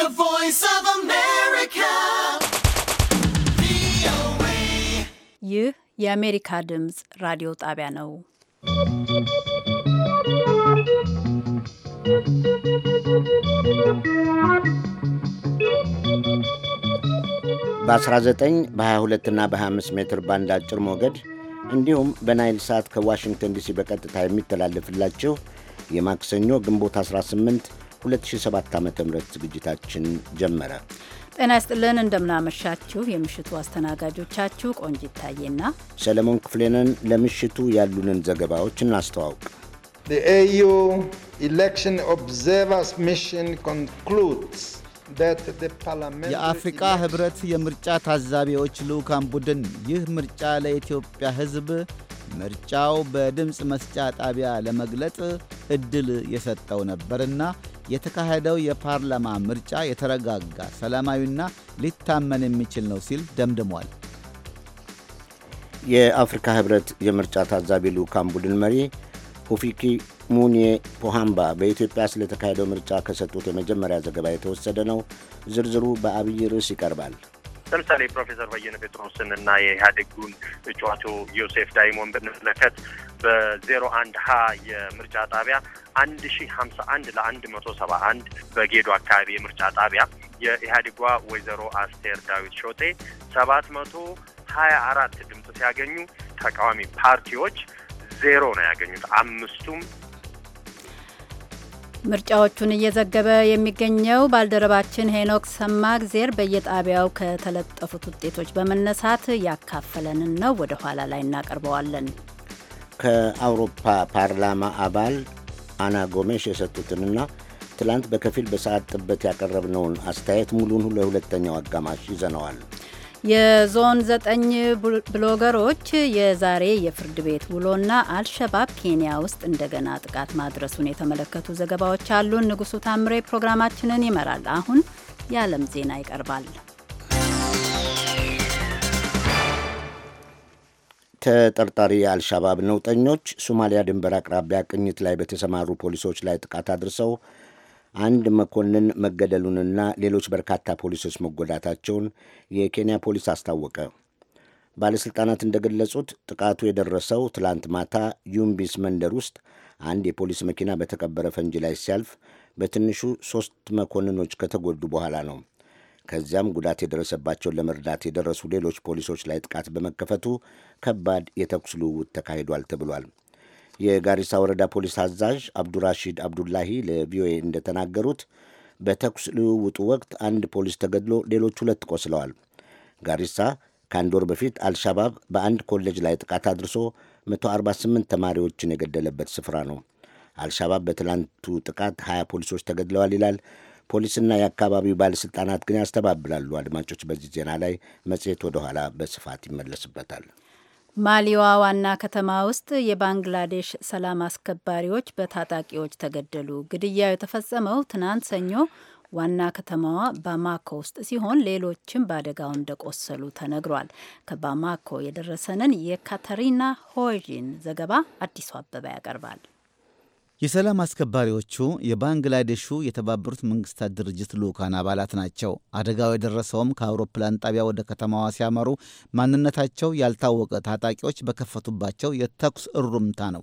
The Voice of America. ይህ የአሜሪካ ድምፅ ራዲዮ ጣቢያ ነው። በ19 በ22 እና በ25 ሜትር ባንድ አጭር ሞገድ እንዲሁም በናይል ሳት ከዋሽንግተን ዲሲ በቀጥታ የሚተላለፍላችሁ የማክሰኞ ግንቦት 18 2007 ዓ ም ዝግጅታችን ጀመረ። ጤና ይስጥልን፣ እንደምናመሻችሁ። የምሽቱ አስተናጋጆቻችሁ ቆንጂት ታዬና ሰለሞን ክፍሌንን። ለምሽቱ ያሉንን ዘገባዎች እናስተዋውቅ። የኤዩ ኤሌክሽን ኦብዘርቨርስ ሚሽን ኮንክሉድስ የአፍሪቃ ህብረት የምርጫ ታዛቢዎች ልዑካን ቡድን ይህ ምርጫ ለኢትዮጵያ ህዝብ ምርጫው በድምፅ መስጫ ጣቢያ ለመግለጥ እድል የሰጠው ነበርና የተካሄደው የፓርላማ ምርጫ የተረጋጋ ሰላማዊና ሊታመን የሚችል ነው ሲል ደምድሟል። የአፍሪካ ህብረት የምርጫ ታዛቢ ልዑካን ቡድን መሪ ሁፊኪ ሙኒ ፖሃምባ በኢትዮጵያ ስለተካሄደው ምርጫ ከሰጡት የመጀመሪያ ዘገባ የተወሰደ ነው። ዝርዝሩ በአብይ ርዕስ ይቀርባል። ለምሳሌ ፕሮፌሰር በየነ ጴጥሮስን እና የኢህአዴጉን እጩ ዮሴፍ ዳይሞን ብንመለከት በዜሮ አንድ ሀ የምርጫ ጣቢያ አንድ ሺ ሀምሳ አንድ ለአንድ መቶ ሰባ አንድ በጌዶ አካባቢ የምርጫ ጣቢያ የኢህአዴጓ ወይዘሮ አስቴር ዳዊት ሾጤ ሰባት መቶ ሀያ አራት ድምፅ ሲያገኙ ተቃዋሚ ፓርቲዎች ዜሮ ነው ያገኙት። አምስቱም ምርጫዎቹን እየዘገበ የሚገኘው ባልደረባችን ሄኖክ ሰማግዜር በየጣቢያው ከተለጠፉት ውጤቶች በመነሳት ያካፈለንን ነው። ወደ ኋላ ላይ እናቀርበዋለን። ከአውሮፓ ፓርላማ አባል አና ጎሜሽ የሰጡትንና ትላንት በከፊል በሰዓት ጥበት ያቀረብነውን አስተያየት ሙሉን ለሁለተኛው አጋማሽ ይዘነዋል። የዞን ዘጠኝ ብሎገሮች የዛሬ የፍርድ ቤት ውሎና አልሸባብ ኬንያ ውስጥ እንደገና ጥቃት ማድረሱን የተመለከቱ ዘገባዎች አሉን። ንጉሱ ታምሬ ፕሮግራማችንን ይመራል። አሁን የዓለም ዜና ይቀርባል። ተጠርጣሪ የአልሻባብ ነውጠኞች ሶማሊያ ድንበር አቅራቢያ ቅኝት ላይ በተሰማሩ ፖሊሶች ላይ ጥቃት አድርሰው አንድ መኮንን መገደሉንና ሌሎች በርካታ ፖሊሶች መጎዳታቸውን የኬንያ ፖሊስ አስታወቀ። ባለሥልጣናት እንደገለጹት ጥቃቱ የደረሰው ትላንት ማታ ዩምቢስ መንደር ውስጥ አንድ የፖሊስ መኪና በተቀበረ ፈንጂ ላይ ሲያልፍ በትንሹ ሦስት መኮንኖች ከተጎዱ በኋላ ነው። ከዚያም ጉዳት የደረሰባቸውን ለመርዳት የደረሱ ሌሎች ፖሊሶች ላይ ጥቃት በመከፈቱ ከባድ የተኩስ ልውውጥ ተካሂዷል ተብሏል። የጋሪሳ ወረዳ ፖሊስ አዛዥ አብዱራሺድ አብዱላሂ ለቪኦኤ እንደተናገሩት በተኩስ ልውውጡ ወቅት አንድ ፖሊስ ተገድሎ ሌሎች ሁለት ቆስለዋል። ጋሪሳ ከአንድ ወር በፊት አልሻባብ በአንድ ኮሌጅ ላይ ጥቃት አድርሶ 148 ተማሪዎችን የገደለበት ስፍራ ነው። አልሻባብ በትላንቱ ጥቃት 20 ፖሊሶች ተገድለዋል ይላል። ፖሊስና የአካባቢው ባለሥልጣናት ግን ያስተባብላሉ። አድማጮች፣ በዚህ ዜና ላይ መጽሔት ወደኋላ በስፋት ይመለስበታል። ማሊዋ ዋና ከተማ ውስጥ የባንግላዴሽ ሰላም አስከባሪዎች በታጣቂዎች ተገደሉ። ግድያው የተፈጸመው ትናንት ሰኞ ዋና ከተማዋ ባማኮ ውስጥ ሲሆን ሌሎችም በአደጋው እንደቆሰሉ ተነግሯል። ከባማኮ የደረሰንን የካተሪና ሆዥን ዘገባ አዲሱ አበባ ያቀርባል። የሰላም አስከባሪዎቹ የባንግላዴሹ የተባበሩት መንግስታት ድርጅት ልዑካን አባላት ናቸው። አደጋው የደረሰውም ከአውሮፕላን ጣቢያ ወደ ከተማዋ ሲያመሩ ማንነታቸው ያልታወቀ ታጣቂዎች በከፈቱባቸው የተኩስ እሩምታ ነው።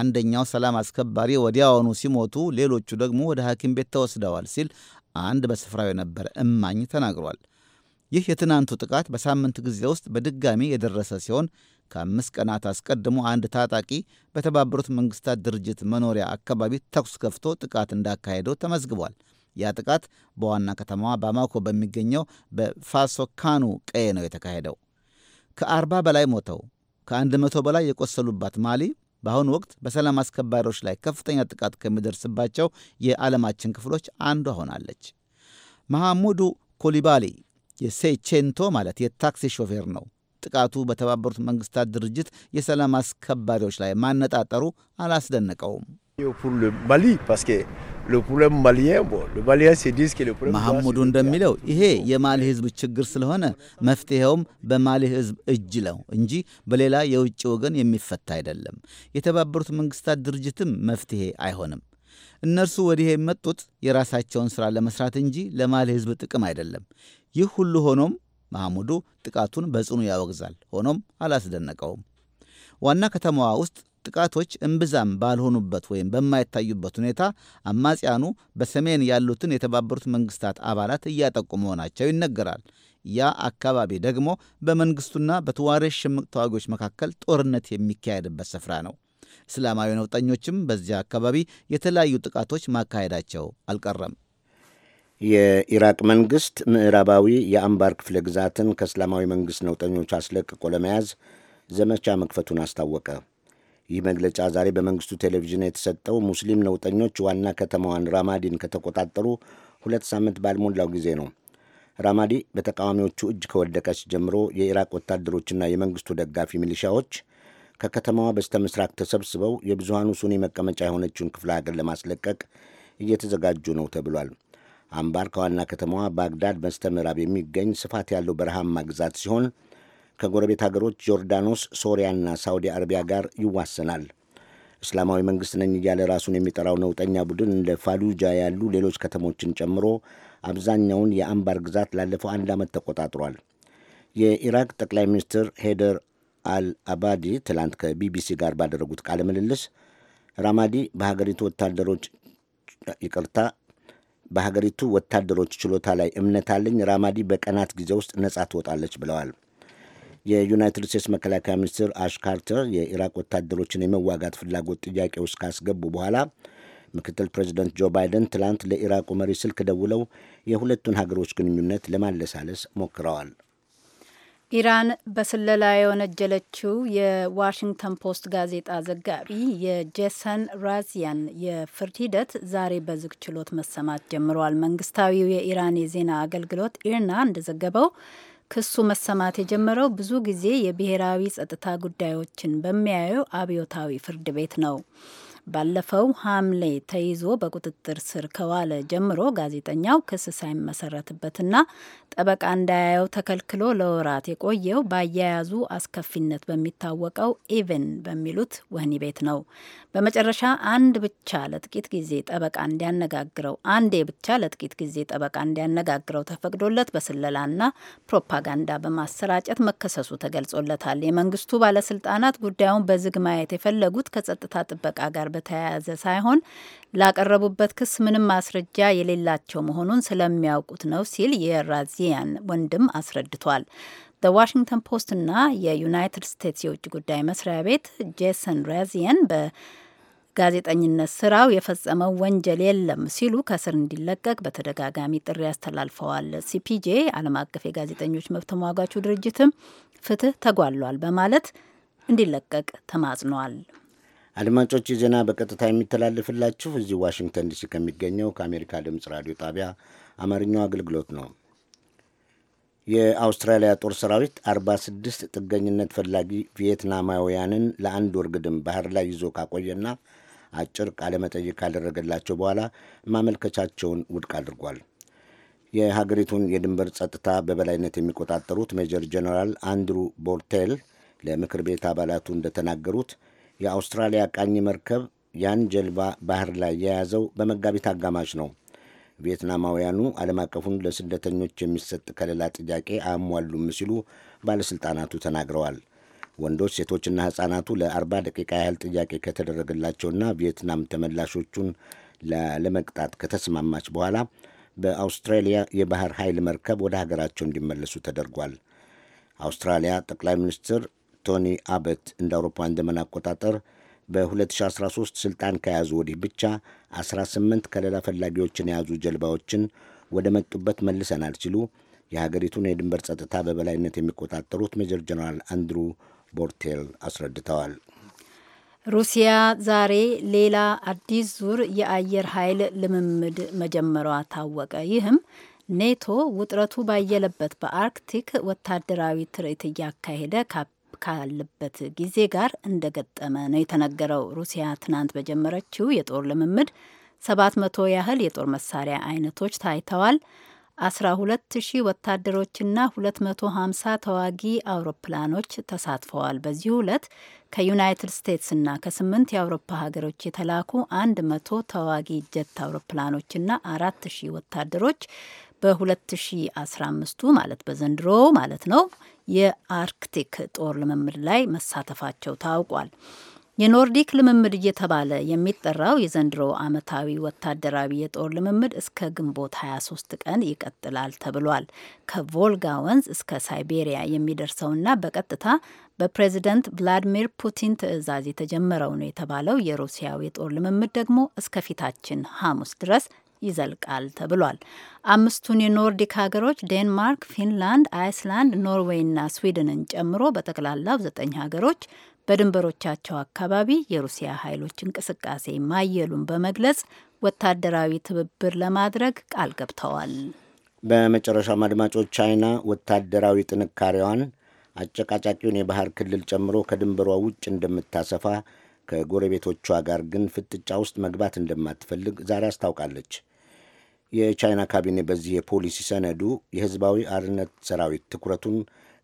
አንደኛው ሰላም አስከባሪ ወዲያውኑ ሲሞቱ፣ ሌሎቹ ደግሞ ወደ ሐኪም ቤት ተወስደዋል ሲል አንድ በስፍራው የነበረ እማኝ ተናግሯል። ይህ የትናንቱ ጥቃት በሳምንት ጊዜ ውስጥ በድጋሚ የደረሰ ሲሆን ከአምስት ቀናት አስቀድሞ አንድ ታጣቂ በተባበሩት መንግስታት ድርጅት መኖሪያ አካባቢ ተኩስ ከፍቶ ጥቃት እንዳካሄደው ተመዝግቧል። ያ ጥቃት በዋና ከተማዋ ባማኮ በሚገኘው በፋሶካኑ ቀየ ነው የተካሄደው። ከአርባ በላይ ሞተው ከአንድ መቶ በላይ የቆሰሉባት ማሊ በአሁኑ ወቅት በሰላም አስከባሪዎች ላይ ከፍተኛ ጥቃት ከሚደርስባቸው የዓለማችን ክፍሎች አንዷ ሆናለች። መሐሙዱ ኮሊባሊ የሴቼንቶ ማለት የታክሲ ሾፌር ነው። ጥቃቱ በተባበሩት መንግስታት ድርጅት የሰላም አስከባሪዎች ላይ ማነጣጠሩ አላስደነቀውም። መሐሙዱ እንደሚለው ይሄ የማሊ ህዝብ ችግር ስለሆነ መፍትሄውም በማሊ ህዝብ እጅ ነው እንጂ በሌላ የውጭ ወገን የሚፈታ አይደለም። የተባበሩት መንግስታት ድርጅትም መፍትሄ አይሆንም። እነርሱ ወዲህ የመጡት የራሳቸውን ሥራ ለመሥራት እንጂ ለማሊ ህዝብ ጥቅም አይደለም። ይህ ሁሉ ሆኖም መሐሙዱ ጥቃቱን በጽኑ ያወግዛል። ሆኖም አላስደነቀውም። ዋና ከተማዋ ውስጥ ጥቃቶች እምብዛም ባልሆኑበት ወይም በማይታዩበት ሁኔታ አማጽያኑ በሰሜን ያሉትን የተባበሩት መንግስታት አባላት እያጠቁ መሆናቸው ይነገራል። ያ አካባቢ ደግሞ በመንግስቱና በተዋሬ ሽምቅ ተዋጊዎች መካከል ጦርነት የሚካሄድበት ስፍራ ነው። እስላማዊ ነውጠኞችም በዚያ አካባቢ የተለያዩ ጥቃቶች ማካሄዳቸው አልቀረም። የኢራቅ መንግሥት ምዕራባዊ የአምባር ክፍለ ግዛትን ከእስላማዊ መንግሥት ነውጠኞች አስለቅቆ ለመያዝ ዘመቻ መክፈቱን አስታወቀ። ይህ መግለጫ ዛሬ በመንግሥቱ ቴሌቪዥን የተሰጠው ሙስሊም ነውጠኞች ዋና ከተማዋን ራማዲን ከተቆጣጠሩ ሁለት ሳምንት ባልሞላው ጊዜ ነው። ራማዲ በተቃዋሚዎቹ እጅ ከወደቀች ጀምሮ የኢራቅ ወታደሮችና የመንግሥቱ ደጋፊ ሚሊሻዎች ከከተማዋ በስተ ምስራቅ ተሰብስበው የብዙሃኑ ሱኒ መቀመጫ የሆነችውን ክፍለ ሀገር ለማስለቀቅ እየተዘጋጁ ነው ተብሏል። አምባር ከዋና ከተማዋ ባግዳድ ምዕራብ የሚገኝ ስፋት ያለው በረሃማ ግዛት ሲሆን ከጎረቤት ሀገሮች ጆርዳኖስ ሶሪያና ሳውዲ አረቢያ ጋር ይዋሰናል። እስላማዊ መንግሥት ነኝ እያለ ራሱን የሚጠራው ነውጠኛ ቡድን እንደ ፋሉጃ ያሉ ሌሎች ከተሞችን ጨምሮ አብዛኛውን የአምባር ግዛት ላለፈው አንድ ዓመት ተቆጣጥሯል። የኢራቅ ጠቅላይ ሚኒስትር ሄደር አልአባዲ ትላንት ከቢቢሲ ጋር ባደረጉት ቃለ ምልልስ ራማዲ በሀገሪቱ ወታደሮች ይቅርታ በሀገሪቱ ወታደሮች ችሎታ ላይ እምነት አለኝ፣ ራማዲ በቀናት ጊዜ ውስጥ ነጻ ትወጣለች ብለዋል። የዩናይትድ ስቴትስ መከላከያ ሚኒስትር አሽ ካርተር የኢራቅ ወታደሮችን የመዋጋት ፍላጎት ጥያቄ ውስጥ ካስገቡ በኋላ ምክትል ፕሬዚደንት ጆ ባይደን ትላንት ለኢራቁ መሪ ስልክ ደውለው የሁለቱን ሀገሮች ግንኙነት ለማለሳለስ ሞክረዋል። ኢራን በስለላ የወነጀለችው የዋሽንግተን ፖስት ጋዜጣ ዘጋቢ የጄሰን ራዚያን የፍርድ ሂደት ዛሬ በዝግ ችሎት መሰማት ጀምረዋል። መንግስታዊው የኢራን የዜና አገልግሎት ኢርና እንደዘገበው ክሱ መሰማት የጀመረው ብዙ ጊዜ የብሔራዊ ጸጥታ ጉዳዮችን በሚያዩ አብዮታዊ ፍርድ ቤት ነው። ባለፈው ሐምሌ ተይዞ በቁጥጥር ስር ከዋለ ጀምሮ ጋዜጠኛው ክስ ሳይመሰረትበትና ጠበቃ እንዳያየው ተከልክሎ ለወራት የቆየው በአያያዙ አስከፊነት በሚታወቀው ኢቨን በሚሉት ወህኒ ቤት ነው። በመጨረሻ አንድ ብቻ ለጥቂት ጊዜ ጠበቃ እንዲያነጋግረው አንዴ ብቻ ለጥቂት ጊዜ ጠበቃ እንዲያነጋግረው ተፈቅዶለት በስለላና ፕሮፓጋንዳ በማሰራጨት መከሰሱ ተገልጾለታል። የመንግስቱ ባለስልጣናት ጉዳዩን በዝግ ማየት የፈለጉት ከጸጥታ ጥበቃ ጋር በተያያዘ ሳይሆን ላቀረቡበት ክስ ምንም ማስረጃ የሌላቸው መሆኑን ስለሚያውቁት ነው ሲል የራዚያን ወንድም አስረድቷል። በዋሽንግተን ፖስትና የዩናይትድ ስቴትስ የውጭ ጉዳይ መስሪያ ቤት ጄሰን ራዚያን በጋዜጠኝነት ስራው የፈጸመው ወንጀል የለም ሲሉ ከስር እንዲለቀቅ በተደጋጋሚ ጥሪ አስተላልፈዋል። ሲፒጄ ዓለም አቀፍ የጋዜጠኞች መብት ተሟጋቹ ድርጅትም ፍትህ ተጓሏል በማለት እንዲለቀቅ ተማጽኗል። አድማጮች ዜና በቀጥታ የሚተላልፍላችሁ እዚህ ዋሽንግተን ዲሲ ከሚገኘው ከአሜሪካ ድምፅ ራዲዮ ጣቢያ አማርኛው አገልግሎት ነው። የአውስትራሊያ ጦር ሰራዊት 46 ጥገኝነት ፈላጊ ቪየትናማውያንን ለአንድ ወር ግድም ባህር ላይ ይዞ ካቆየና አጭር ቃለመጠይቅ ካደረገላቸው በኋላ ማመልከቻቸውን ውድቅ አድርጓል። የሀገሪቱን የድንበር ጸጥታ በበላይነት የሚቆጣጠሩት ሜጀር ጀነራል አንድሩ ቦርቴል ለምክር ቤት አባላቱ እንደተናገሩት የአውስትራሊያ ቃኝ መርከብ ያን ጀልባ ባህር ላይ የያዘው በመጋቢት አጋማሽ ነው። ቪየትናማውያኑ ዓለም አቀፉን ለስደተኞች የሚሰጥ ከለላ ጥያቄ አያሟሉም ሲሉ ባለሥልጣናቱ ተናግረዋል። ወንዶች፣ ሴቶችና ሕፃናቱ ለ40 ደቂቃ ያህል ጥያቄ ከተደረገላቸውና ቪየትናም ተመላሾቹን ለመቅጣት ከተስማማች በኋላ በአውስትራሊያ የባህር ኃይል መርከብ ወደ ሀገራቸው እንዲመለሱ ተደርጓል። አውስትራሊያ ጠቅላይ ሚኒስትር ቶኒ አበት እንደ አውሮፓውያን ዘመን አቆጣጠር በ2013 ስልጣን ከያዙ ወዲህ ብቻ 18 ከለላ ፈላጊዎችን የያዙ ጀልባዎችን ወደ መጡበት መልሰናል ሲሉ የሀገሪቱን የድንበር ጸጥታ በበላይነት የሚቆጣጠሩት ሜጀር ጀነራል አንድሩ ቦርቴል አስረድተዋል። ሩሲያ ዛሬ ሌላ አዲስ ዙር የአየር ኃይል ልምምድ መጀመሯ ታወቀ። ይህም ኔቶ ውጥረቱ ባየለበት በአርክቲክ ወታደራዊ ትርኢት እያካሄደ ካለበት ጊዜ ጋር እንደገጠመ ነው የተነገረው። ሩሲያ ትናንት በጀመረችው የጦር ልምምድ 700 ያህል የጦር መሳሪያ አይነቶች ታይተዋል። 12000 ወታደሮችና 250 ተዋጊ አውሮፕላኖች ተሳትፈዋል። በዚህ ዕለት ከዩናይትድ ስቴትስና ከስምንት የአውሮፓ ሀገሮች የተላኩ 100 ተዋጊ ጀት አውሮፕላኖችና 4000 ወታደሮች በ2015ቱ ማለት በዘንድሮ ማለት ነው የአርክቲክ ጦር ልምምድ ላይ መሳተፋቸው ታውቋል። የኖርዲክ ልምምድ እየተባለ የሚጠራው የዘንድሮ ዓመታዊ ወታደራዊ የጦር ልምምድ እስከ ግንቦት 23 ቀን ይቀጥላል ተብሏል። ከቮልጋ ወንዝ እስከ ሳይቤሪያ የሚደርሰውና በቀጥታ በፕሬዝደንት ቭላዲሚር ፑቲን ትዕዛዝ የተጀመረው ነው የተባለው የሩሲያው የጦር ልምምድ ደግሞ እስከ ፊታችን ሐሙስ ድረስ ይዘልቃል ተብሏል። አምስቱን የኖርዲክ ሀገሮች ዴንማርክ፣ ፊንላንድ፣ አይስላንድ፣ ኖርዌይ እና ስዊድንን ጨምሮ በጠቅላላው ዘጠኝ ሀገሮች በድንበሮቻቸው አካባቢ የሩሲያ ኃይሎች እንቅስቃሴ ማየሉን በመግለጽ ወታደራዊ ትብብር ለማድረግ ቃል ገብተዋል። በመጨረሻም አድማጮች፣ ቻይና ወታደራዊ ጥንካሬዋን አጨቃጫቂውን የባህር ክልል ጨምሮ ከድንበሯ ውጭ እንደምታሰፋ ከጎረቤቶቿ ጋር ግን ፍጥጫ ውስጥ መግባት እንደማትፈልግ ዛሬ አስታውቃለች። የቻይና ካቢኔ በዚህ የፖሊሲ ሰነዱ የህዝባዊ አርነት ሰራዊት ትኩረቱን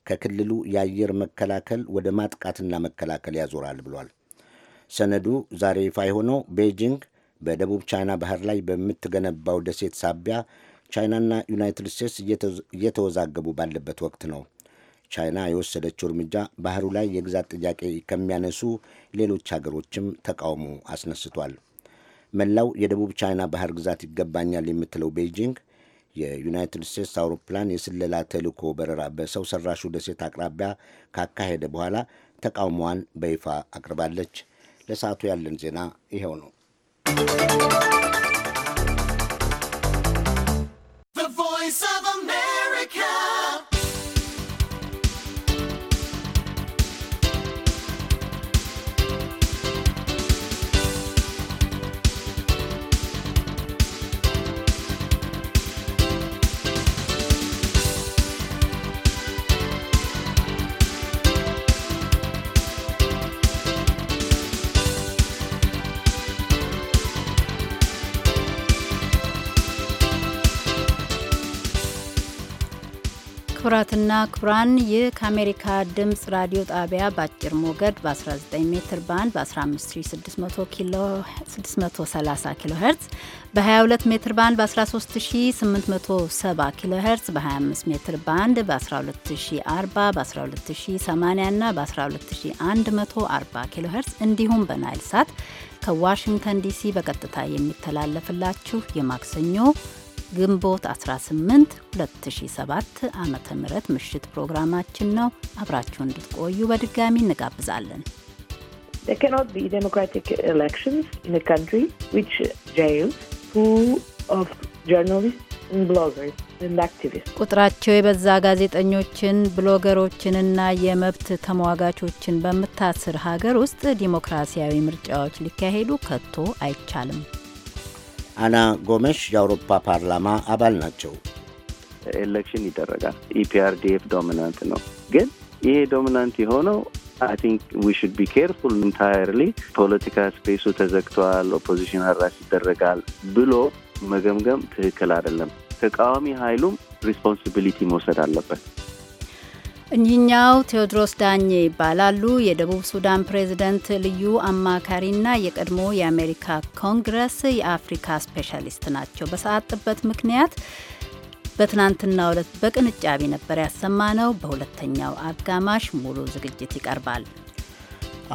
ከክልሉ የአየር መከላከል ወደ ማጥቃትና መከላከል ያዞራል ብሏል። ሰነዱ ዛሬ ይፋ የሆነው ቤጂንግ በደቡብ ቻይና ባህር ላይ በምትገነባው ደሴት ሳቢያ ቻይናና ዩናይትድ ስቴትስ እየተወዛገቡ ባለበት ወቅት ነው። ቻይና የወሰደችው እርምጃ ባህሩ ላይ የግዛት ጥያቄ ከሚያነሱ ሌሎች ሀገሮችም ተቃውሞ አስነስቷል። መላው የደቡብ ቻይና ባህር ግዛት ይገባኛል የምትለው ቤጂንግ የዩናይትድ ስቴትስ አውሮፕላን የስለላ ተልእኮ በረራ በሰው ሰራሹ ደሴት አቅራቢያ ካካሄደ በኋላ ተቃውሞዋን በይፋ አቅርባለች። ለሰዓቱ ያለን ዜና ይኸው ነው። ክቡራትና ክቡራን ይህ ከአሜሪካ ድምፅ ራዲዮ ጣቢያ በአጭር ሞገድ በ19 ሜትር ባንድ በ15630 ኪሎ ሄርዝ በ22 ሜትር ባንድ በ13870 ኪሎ በ25 ሜትር ባንድ በ12040 በ12080 እና በ12140 ኪሎ እንዲሁም በናይል ሳት ከዋሽንግተን ዲሲ በቀጥታ የሚተላለፍላችሁ የማክሰኞ ግንቦት 18 2007 ዓ ም ምሽት ፕሮግራማችን ነው። አብራችሁ እንድትቆዩ በድጋሚ እንጋብዛለን። There cannot be democratic elections in a country which jails full of journalists and bloggers. ቁጥራቸው የበዛ ጋዜጠኞችን ብሎገሮችንና የመብት ተሟጋቾችን በምታስር ሀገር ውስጥ ዲሞክራሲያዊ ምርጫዎች ሊካሄዱ ከቶ አይቻልም። አና ጎመሽ የአውሮፓ ፓርላማ አባል ናቸው። ኤሌክሽን ይደረጋል። ኢፒአርዲኤፍ ዶሚናንት ነው። ግን ይሄ ዶሚናንት የሆነው አይ ቲንክ ዊ ሹድ ቢ ኬርፉል ኢንታየርሊ ፖለቲካ ስፔሱ ተዘግተዋል፣ ኦፖዚሽን አራሽ ይደረጋል ብሎ መገምገም ትክክል አይደለም። ተቃዋሚ ኃይሉም ሪስፖንሲቢሊቲ መውሰድ አለበት። እኚኛው ቴዎድሮስ ዳኜ ይባላሉ። የደቡብ ሱዳን ፕሬዝደንት ልዩ አማካሪና የቀድሞ የአሜሪካ ኮንግረስ የአፍሪካ ስፔሻሊስት ናቸው። በሰዓት ጥበት ምክንያት በትናንትና ዕለት በቅንጫቢ ነበር ያሰማ ነው። በሁለተኛው አጋማሽ ሙሉ ዝግጅት ይቀርባል።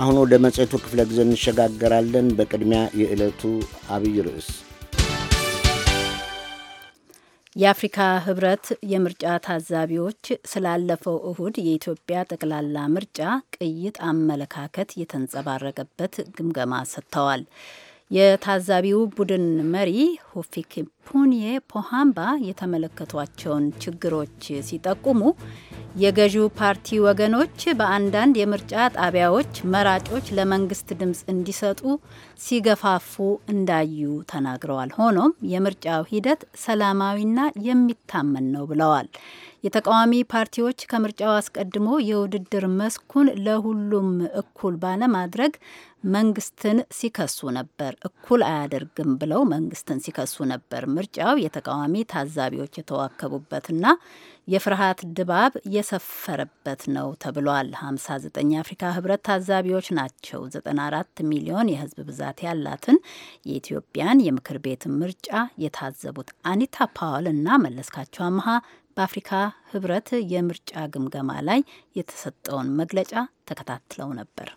አሁን ወደ መጽሔቱ ክፍለ ጊዜ እንሸጋገራለን። በቅድሚያ የዕለቱ አብይ ርዕስ የአፍሪካ ህብረት የምርጫ ታዛቢዎች ስላለፈው እሁድ የኢትዮጵያ ጠቅላላ ምርጫ ቅይጥ አመለካከት የተንጸባረቀበት ግምገማ ሰጥተዋል። የታዛቢው ቡድን መሪ ሆፊኬፑንዬ ፖሃምባ የተመለከቷቸውን ችግሮች ሲጠቁሙ የገዢው ፓርቲ ወገኖች በአንዳንድ የምርጫ ጣቢያዎች መራጮች ለመንግስት ድምፅ እንዲሰጡ ሲገፋፉ እንዳዩ ተናግረዋል። ሆኖም የምርጫው ሂደት ሰላማዊና የሚታመን ነው ብለዋል። የተቃዋሚ ፓርቲዎች ከምርጫው አስቀድሞ የውድድር መስኩን ለሁሉም እኩል ባለማድረግ መንግስትን ሲከሱ ነበር። እኩል አያደርግም ብለው መንግስትን ሲከሱ ነበር። ምርጫው የተቃዋሚ ታዛቢዎች የተዋከቡበትና የፍርሃት ድባብ የሰፈረበት ነው ተብሏል። 59 የአፍሪካ ህብረት ታዛቢዎች ናቸው 94 ሚሊዮን የህዝብ ብዛት ያላትን የኢትዮጵያን የምክር ቤት ምርጫ የታዘቡት። አኒታ ፓዋል እና መለስካቸው አመሃ በአፍሪካ ህብረት የምርጫ ግምገማ ላይ የተሰጠውን መግለጫ ተከታትለው ነበር።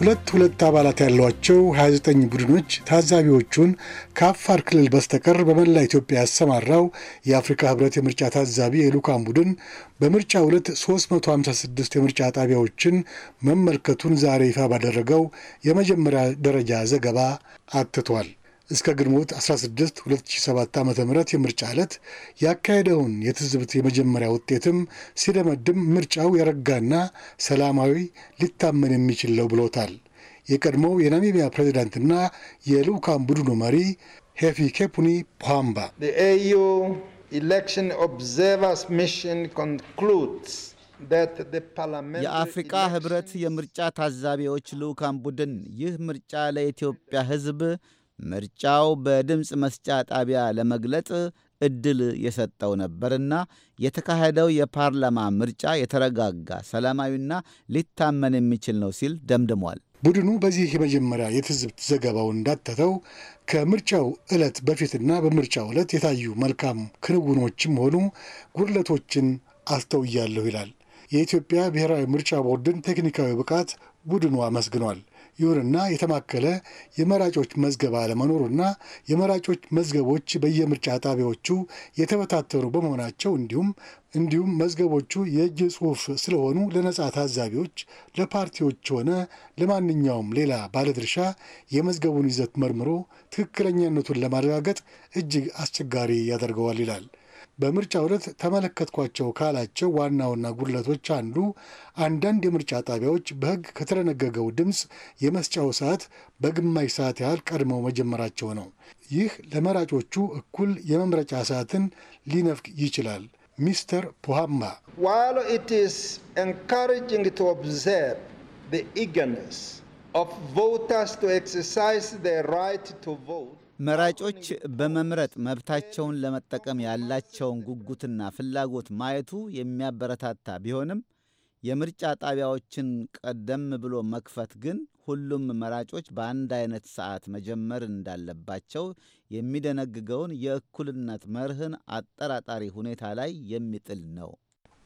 ሁለት ሁለት አባላት ያሏቸው 29 ቡድኖች ታዛቢዎቹን ከአፋር ክልል በስተቀር በመላ ኢትዮጵያ ያሰማራው የአፍሪካ ህብረት የምርጫ ታዛቢ የልዑካን ቡድን በምርጫ ሁለት 356 የምርጫ ጣቢያዎችን መመልከቱን ዛሬ ይፋ ባደረገው የመጀመሪያ ደረጃ ዘገባ አትቷል። እስከ ግንቦት 16 2007 ዓ ም የምርጫ ዕለት ያካሄደውን የትዝብት የመጀመሪያ ውጤትም ሲደመድም ምርጫው የረጋና ሰላማዊ ሊታመን የሚችል ነው ብሎታል። የቀድሞው የናሚቢያ ፕሬዚዳንትና የልዑካን ቡድኑ መሪ ሄፊ ኬፑኒ ፖሃምባ የአፍሪቃ ህብረት የምርጫ ታዛቢዎች ልዑካን ቡድን ይህ ምርጫ ለኢትዮጵያ ህዝብ ምርጫው በድምፅ መስጫ ጣቢያ ለመግለጽ እድል የሰጠው ነበርና የተካሄደው የፓርላማ ምርጫ የተረጋጋ ሰላማዊና ሊታመን የሚችል ነው ሲል ደምድሟል። ቡድኑ በዚህ የመጀመሪያ የትዝብት ዘገባው እንዳተተው ከምርጫው ዕለት በፊትና በምርጫው ዕለት የታዩ መልካም ክንውኖችም ሆኑ ጉድለቶችን አስተውያለሁ ይላል። የኢትዮጵያ ብሔራዊ ምርጫ ቦርድን ቴክኒካዊ ብቃት ቡድኑ አመስግኗል። ይሁንና የተማከለ የመራጮች መዝገብ አለመኖሩና የመራጮች መዝገቦች በየምርጫ ጣቢያዎቹ የተበታተሩ በመሆናቸው እንዲሁም እንዲሁም መዝገቦቹ የእጅ ጽሑፍ ስለሆኑ ለነጻ ታዛቢዎች፣ ለፓርቲዎች ሆነ ለማንኛውም ሌላ ባለድርሻ የመዝገቡን ይዘት መርምሮ ትክክለኛነቱን ለማረጋገጥ እጅግ አስቸጋሪ ያደርገዋል ይላል። በምርጫው ዕለት ተመለከትኳቸው ካላቸው ዋናውና ጉድለቶች አንዱ አንዳንድ የምርጫ ጣቢያዎች በሕግ ከተደነገገው ድምፅ የመስጫው ሰዓት በግማሽ ሰዓት ያህል ቀድመው መጀመራቸው ነው። ይህ ለመራጮቹ እኩል የመምረጫ ሰዓትን ሊነፍግ ይችላል። ሚስተር ፖሃማ ዋሎ ኢት ኢዝ ኢንካሬጂንግ ቱ ኦብዘርቭ ኢገርነስ ኦፍ ቮተርስ ቱ ኤክሰርሳይዝ ዘ ራይት ቱ ቮት መራጮች በመምረጥ መብታቸውን ለመጠቀም ያላቸውን ጉጉትና ፍላጎት ማየቱ የሚያበረታታ ቢሆንም የምርጫ ጣቢያዎችን ቀደም ብሎ መክፈት ግን ሁሉም መራጮች በአንድ አይነት ሰዓት መጀመር እንዳለባቸው የሚደነግገውን የእኩልነት መርህን አጠራጣሪ ሁኔታ ላይ የሚጥል ነው።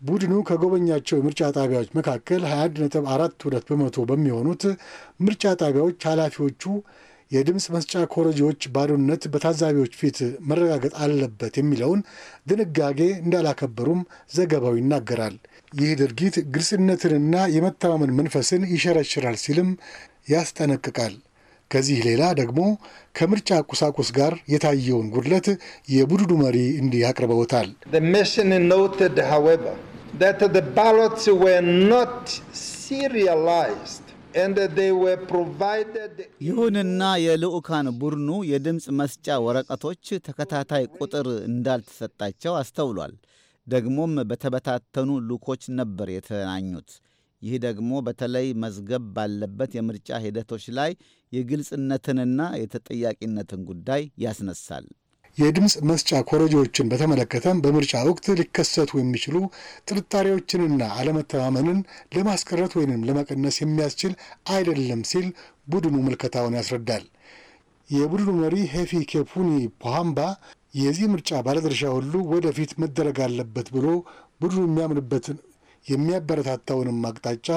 ቡድኑ ከጎበኛቸው የምርጫ ጣቢያዎች መካከል 21.42 በመቶ በሚሆኑት ምርጫ ጣቢያዎች ኃላፊዎቹ የድምፅ መስጫ ኮረጆዎች ባዶነት በታዛቢዎች ፊት መረጋገጥ አለበት የሚለውን ድንጋጌ እንዳላከበሩም ዘገባው ይናገራል። ይህ ድርጊት ግልጽነትንና የመተማመን መንፈስን ይሸረሽራል ሲልም ያስጠነቅቃል። ከዚህ ሌላ ደግሞ ከምርጫ ቁሳቁስ ጋር የታየውን ጉድለት የቡድኑ መሪ እንዲህ አቅርበውታል። ኖትድ ሆዌቨር ዛት ባሎትስ ወር ኖት ሲሪያላይዝድ ይሁንና የልዑካን ቡድኑ የድምፅ መስጫ ወረቀቶች ተከታታይ ቁጥር እንዳልተሰጣቸው አስተውሏል። ደግሞም በተበታተኑ ልኮች ነበር የተናኙት። ይህ ደግሞ በተለይ መዝገብ ባለበት የምርጫ ሂደቶች ላይ የግልጽነትንና የተጠያቂነትን ጉዳይ ያስነሳል። የድምፅ መስጫ ኮረጆዎችን በተመለከተም በምርጫ ወቅት ሊከሰቱ የሚችሉ ጥርጣሬዎችንና አለመተማመንን ለማስቀረት ወይንም ለመቀነስ የሚያስችል አይደለም ሲል ቡድኑ ምልከታውን ያስረዳል። የቡድኑ መሪ ሄፊ ኬፑኒ ፖሃምባ የዚህ ምርጫ ባለድርሻ ሁሉ ወደፊት መደረግ አለበት ብሎ ቡድኑ የሚያምንበትን የሚያበረታታውንም አቅጣጫ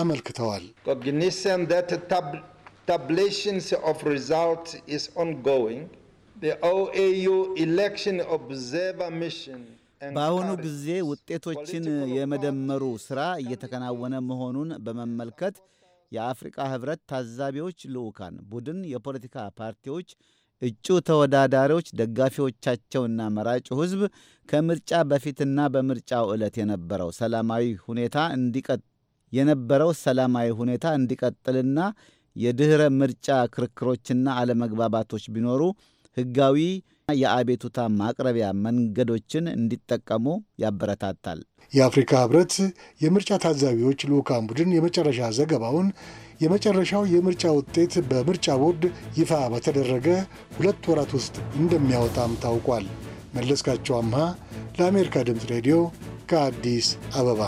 አመልክተዋል። ኮግኒሽን ታብሌሽንስ ኦፍ ሪዛልት ኢዝ ኦንጎይንግ በአሁኑ ጊዜ ውጤቶችን የመደመሩ ሥራ እየተከናወነ መሆኑን በመመልከት የአፍሪቃ ኅብረት ታዛቢዎች ልዑካን ቡድን የፖለቲካ ፓርቲዎች እጩ ተወዳዳሪዎች፣ ደጋፊዎቻቸውና መራጩ ሕዝብ ከምርጫ በፊትና በምርጫው ዕለት የነበረው ሰላማዊ ሁኔታ እንዲቀጥ የነበረው ሰላማዊ ሁኔታ እንዲቀጥልና የድኅረ ምርጫ ክርክሮችና አለመግባባቶች ቢኖሩ ህጋዊ የአቤቱታ ማቅረቢያ መንገዶችን እንዲጠቀሙ ያበረታታል። የአፍሪካ ህብረት የምርጫ ታዛቢዎች ልዑካን ቡድን የመጨረሻ ዘገባውን የመጨረሻው የምርጫ ውጤት በምርጫ ቦርድ ይፋ በተደረገ ሁለት ወራት ውስጥ እንደሚያወጣም ታውቋል። መለስካቸው አምሃ ለአሜሪካ ድምፅ ሬዲዮ ከአዲስ አበባ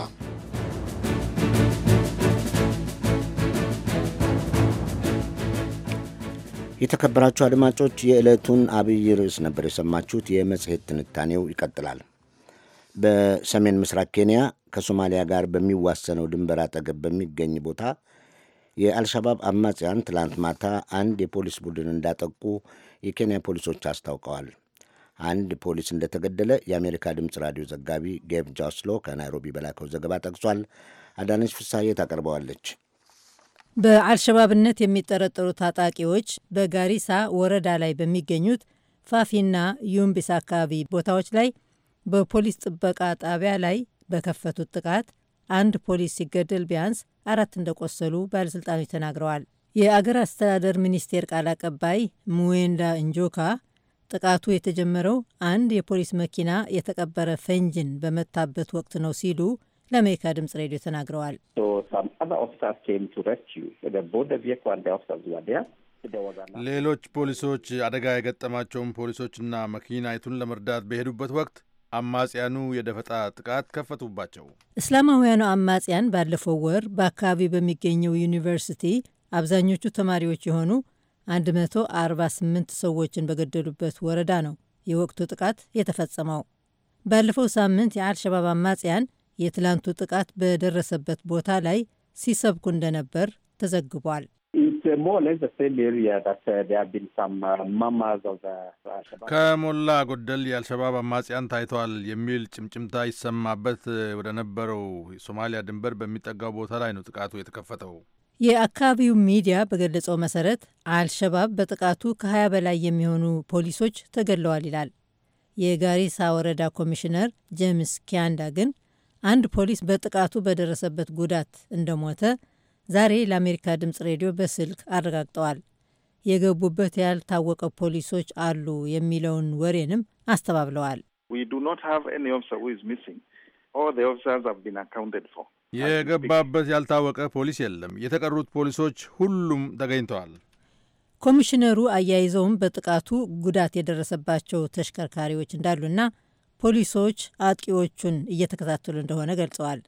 የተከበራችሁ አድማጮች የዕለቱን አብይ ርዕስ ነበር የሰማችሁት። የመጽሔት ትንታኔው ይቀጥላል። በሰሜን ምስራቅ ኬንያ ከሶማሊያ ጋር በሚዋሰነው ድንበር አጠገብ በሚገኝ ቦታ የአልሻባብ አማጽያን ትላንት ማታ አንድ የፖሊስ ቡድን እንዳጠቁ የኬንያ ፖሊሶች አስታውቀዋል። አንድ ፖሊስ እንደተገደለ የአሜሪካ ድምፅ ራዲዮ ዘጋቢ ጌብ ጃስሎ ከናይሮቢ በላከው ዘገባ ጠቅሷል። አዳነች ፍሳዬ ታቀርበዋለች። በአልሸባብነት የሚጠረጠሩ ታጣቂዎች በጋሪሳ ወረዳ ላይ በሚገኙት ፋፊና ዩምቢስ አካባቢ ቦታዎች ላይ በፖሊስ ጥበቃ ጣቢያ ላይ በከፈቱት ጥቃት አንድ ፖሊስ ሲገደል ቢያንስ አራት እንደቆሰሉ ባለሥልጣኖች ተናግረዋል። የአገር አስተዳደር ሚኒስቴር ቃል አቀባይ ሙዌንዳ እንጆካ ጥቃቱ የተጀመረው አንድ የፖሊስ መኪና የተቀበረ ፈንጅን በመታበት ወቅት ነው ሲሉ ለአሜሪካ ድምጽ ሬዲዮ ተናግረዋል። ሌሎች ፖሊሶች አደጋ የገጠማቸውን ፖሊሶችና መኪናይቱን ለመርዳት በሄዱበት ወቅት አማጽያኑ የደፈጣ ጥቃት ከፈቱባቸው። እስላማውያኑ አማጽያን ባለፈው ወር በአካባቢ በሚገኘው ዩኒቨርሲቲ አብዛኞቹ ተማሪዎች የሆኑ 148 ሰዎችን በገደሉበት ወረዳ ነው የወቅቱ ጥቃት የተፈጸመው። ባለፈው ሳምንት የአልሸባብ አማጽያን የትላንቱ ጥቃት በደረሰበት ቦታ ላይ ሲሰብኩ እንደነበር ተዘግቧል። ከሞላ ጎደል የአልሸባብ አማጽያን ታይተዋል የሚል ጭምጭምታ ይሰማበት ወደ ነበረው የሶማሊያ ድንበር በሚጠጋው ቦታ ላይ ነው ጥቃቱ የተከፈተው። የአካባቢው ሚዲያ በገለጸው መሰረት አልሸባብ በጥቃቱ ከ20 በላይ የሚሆኑ ፖሊሶች ተገድለዋል ይላል። የጋሪሳ ወረዳ ኮሚሽነር ጄምስ ኪያንዳ ግን አንድ ፖሊስ በጥቃቱ በደረሰበት ጉዳት እንደሞተ ዛሬ ለአሜሪካ ድምፅ ሬዲዮ በስልክ አረጋግጠዋል። የገቡበት ያልታወቀ ፖሊሶች አሉ የሚለውን ወሬንም አስተባብለዋል። የገባበት ያልታወቀ ፖሊስ የለም። የተቀሩት ፖሊሶች ሁሉም ተገኝተዋል። ኮሚሽነሩ አያይዘውም በጥቃቱ ጉዳት የደረሰባቸው ተሽከርካሪዎች እንዳሉና ፖሊሶች አጥቂዎቹን እየተከታተሉ እንደሆነ ገልጸዋል።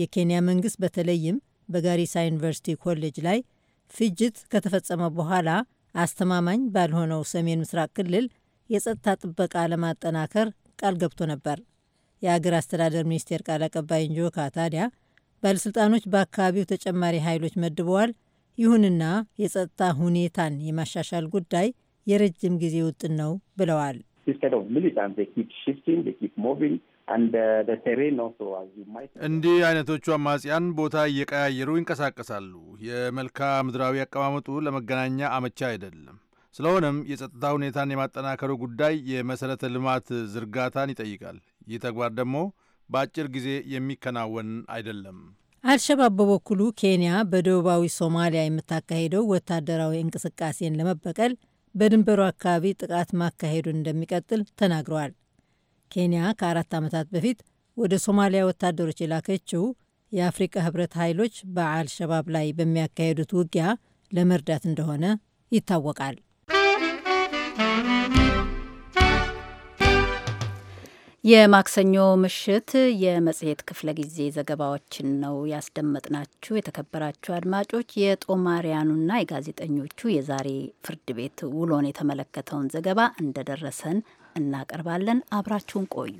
የኬንያ መንግስት በተለይም በጋሪሳ ዩኒቨርሲቲ ኮሌጅ ላይ ፍጅት ከተፈጸመ በኋላ አስተማማኝ ባልሆነው ሰሜን ምስራቅ ክልል የጸጥታ ጥበቃ ለማጠናከር ቃል ገብቶ ነበር። የአገር አስተዳደር ሚኒስቴር ቃል አቀባይ እንጆካ ታዲያ ባለሥልጣኖች በአካባቢው ተጨማሪ ኃይሎች መድበዋል፣ ይሁንና የጸጥታ ሁኔታን የማሻሻል ጉዳይ የረጅም ጊዜ ውጥን ነው ብለዋል። instead of militants, they keep shifting, they keep moving. Uh, እንዲህ አይነቶቹ አማጽያን ቦታ እየቀያየሩ ይንቀሳቀሳሉ። የመልክዓ ምድራዊ አቀማመጡ ለመገናኛ አመቻ አይደለም። ስለሆነም የጸጥታ ሁኔታን የማጠናከሩ ጉዳይ የመሰረተ ልማት ዝርጋታን ይጠይቃል። ይህ ተግባር ደግሞ በአጭር ጊዜ የሚከናወን አይደለም። አልሸባብ በበኩሉ ኬንያ በደቡባዊ ሶማሊያ የምታካሄደው ወታደራዊ እንቅስቃሴን ለመበቀል በድንበሩ አካባቢ ጥቃት ማካሄዱን እንደሚቀጥል ተናግረዋል። ኬንያ ከአራት ዓመታት በፊት ወደ ሶማሊያ ወታደሮች የላከችው የአፍሪቃ ህብረት ኃይሎች በአልሸባብ ላይ በሚያካሄዱት ውጊያ ለመርዳት እንደሆነ ይታወቃል። የማክሰኞ ምሽት የመጽሔት ክፍለ ጊዜ ዘገባዎችን ነው ያስደመጥናችሁ። የተከበራችሁ አድማጮች የጦማሪያኑና የጋዜጠኞቹ የዛሬ ፍርድ ቤት ውሎን የተመለከተውን ዘገባ እንደደረሰን እናቀርባለን። አብራችሁን ቆዩ።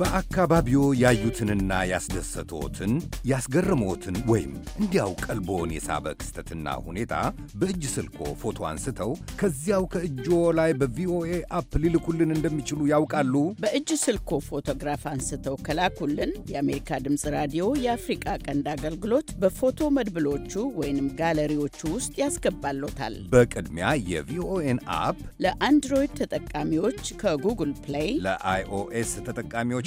በአካባቢዎ ያዩትንና ያስደሰቶትን ያስገረሞትን ወይም እንዲያው ቀልቦን የሳበ ክስተትና ሁኔታ በእጅ ስልኮ ፎቶ አንስተው ከዚያው ከእጆ ላይ በቪኦኤ አፕ ሊልኩልን እንደሚችሉ ያውቃሉ? በእጅ ስልኮ ፎቶግራፍ አንስተው ከላኩልን የአሜሪካ ድምፅ ራዲዮ የአፍሪቃ ቀንድ አገልግሎት በፎቶ መድብሎቹ ወይንም ጋለሪዎቹ ውስጥ ያስገባሎታል። በቅድሚያ የቪኦኤን አፕ ለአንድሮይድ ተጠቃሚዎች ከጉግል ፕሌይ፣ ለአይኦኤስ ተጠቃሚዎች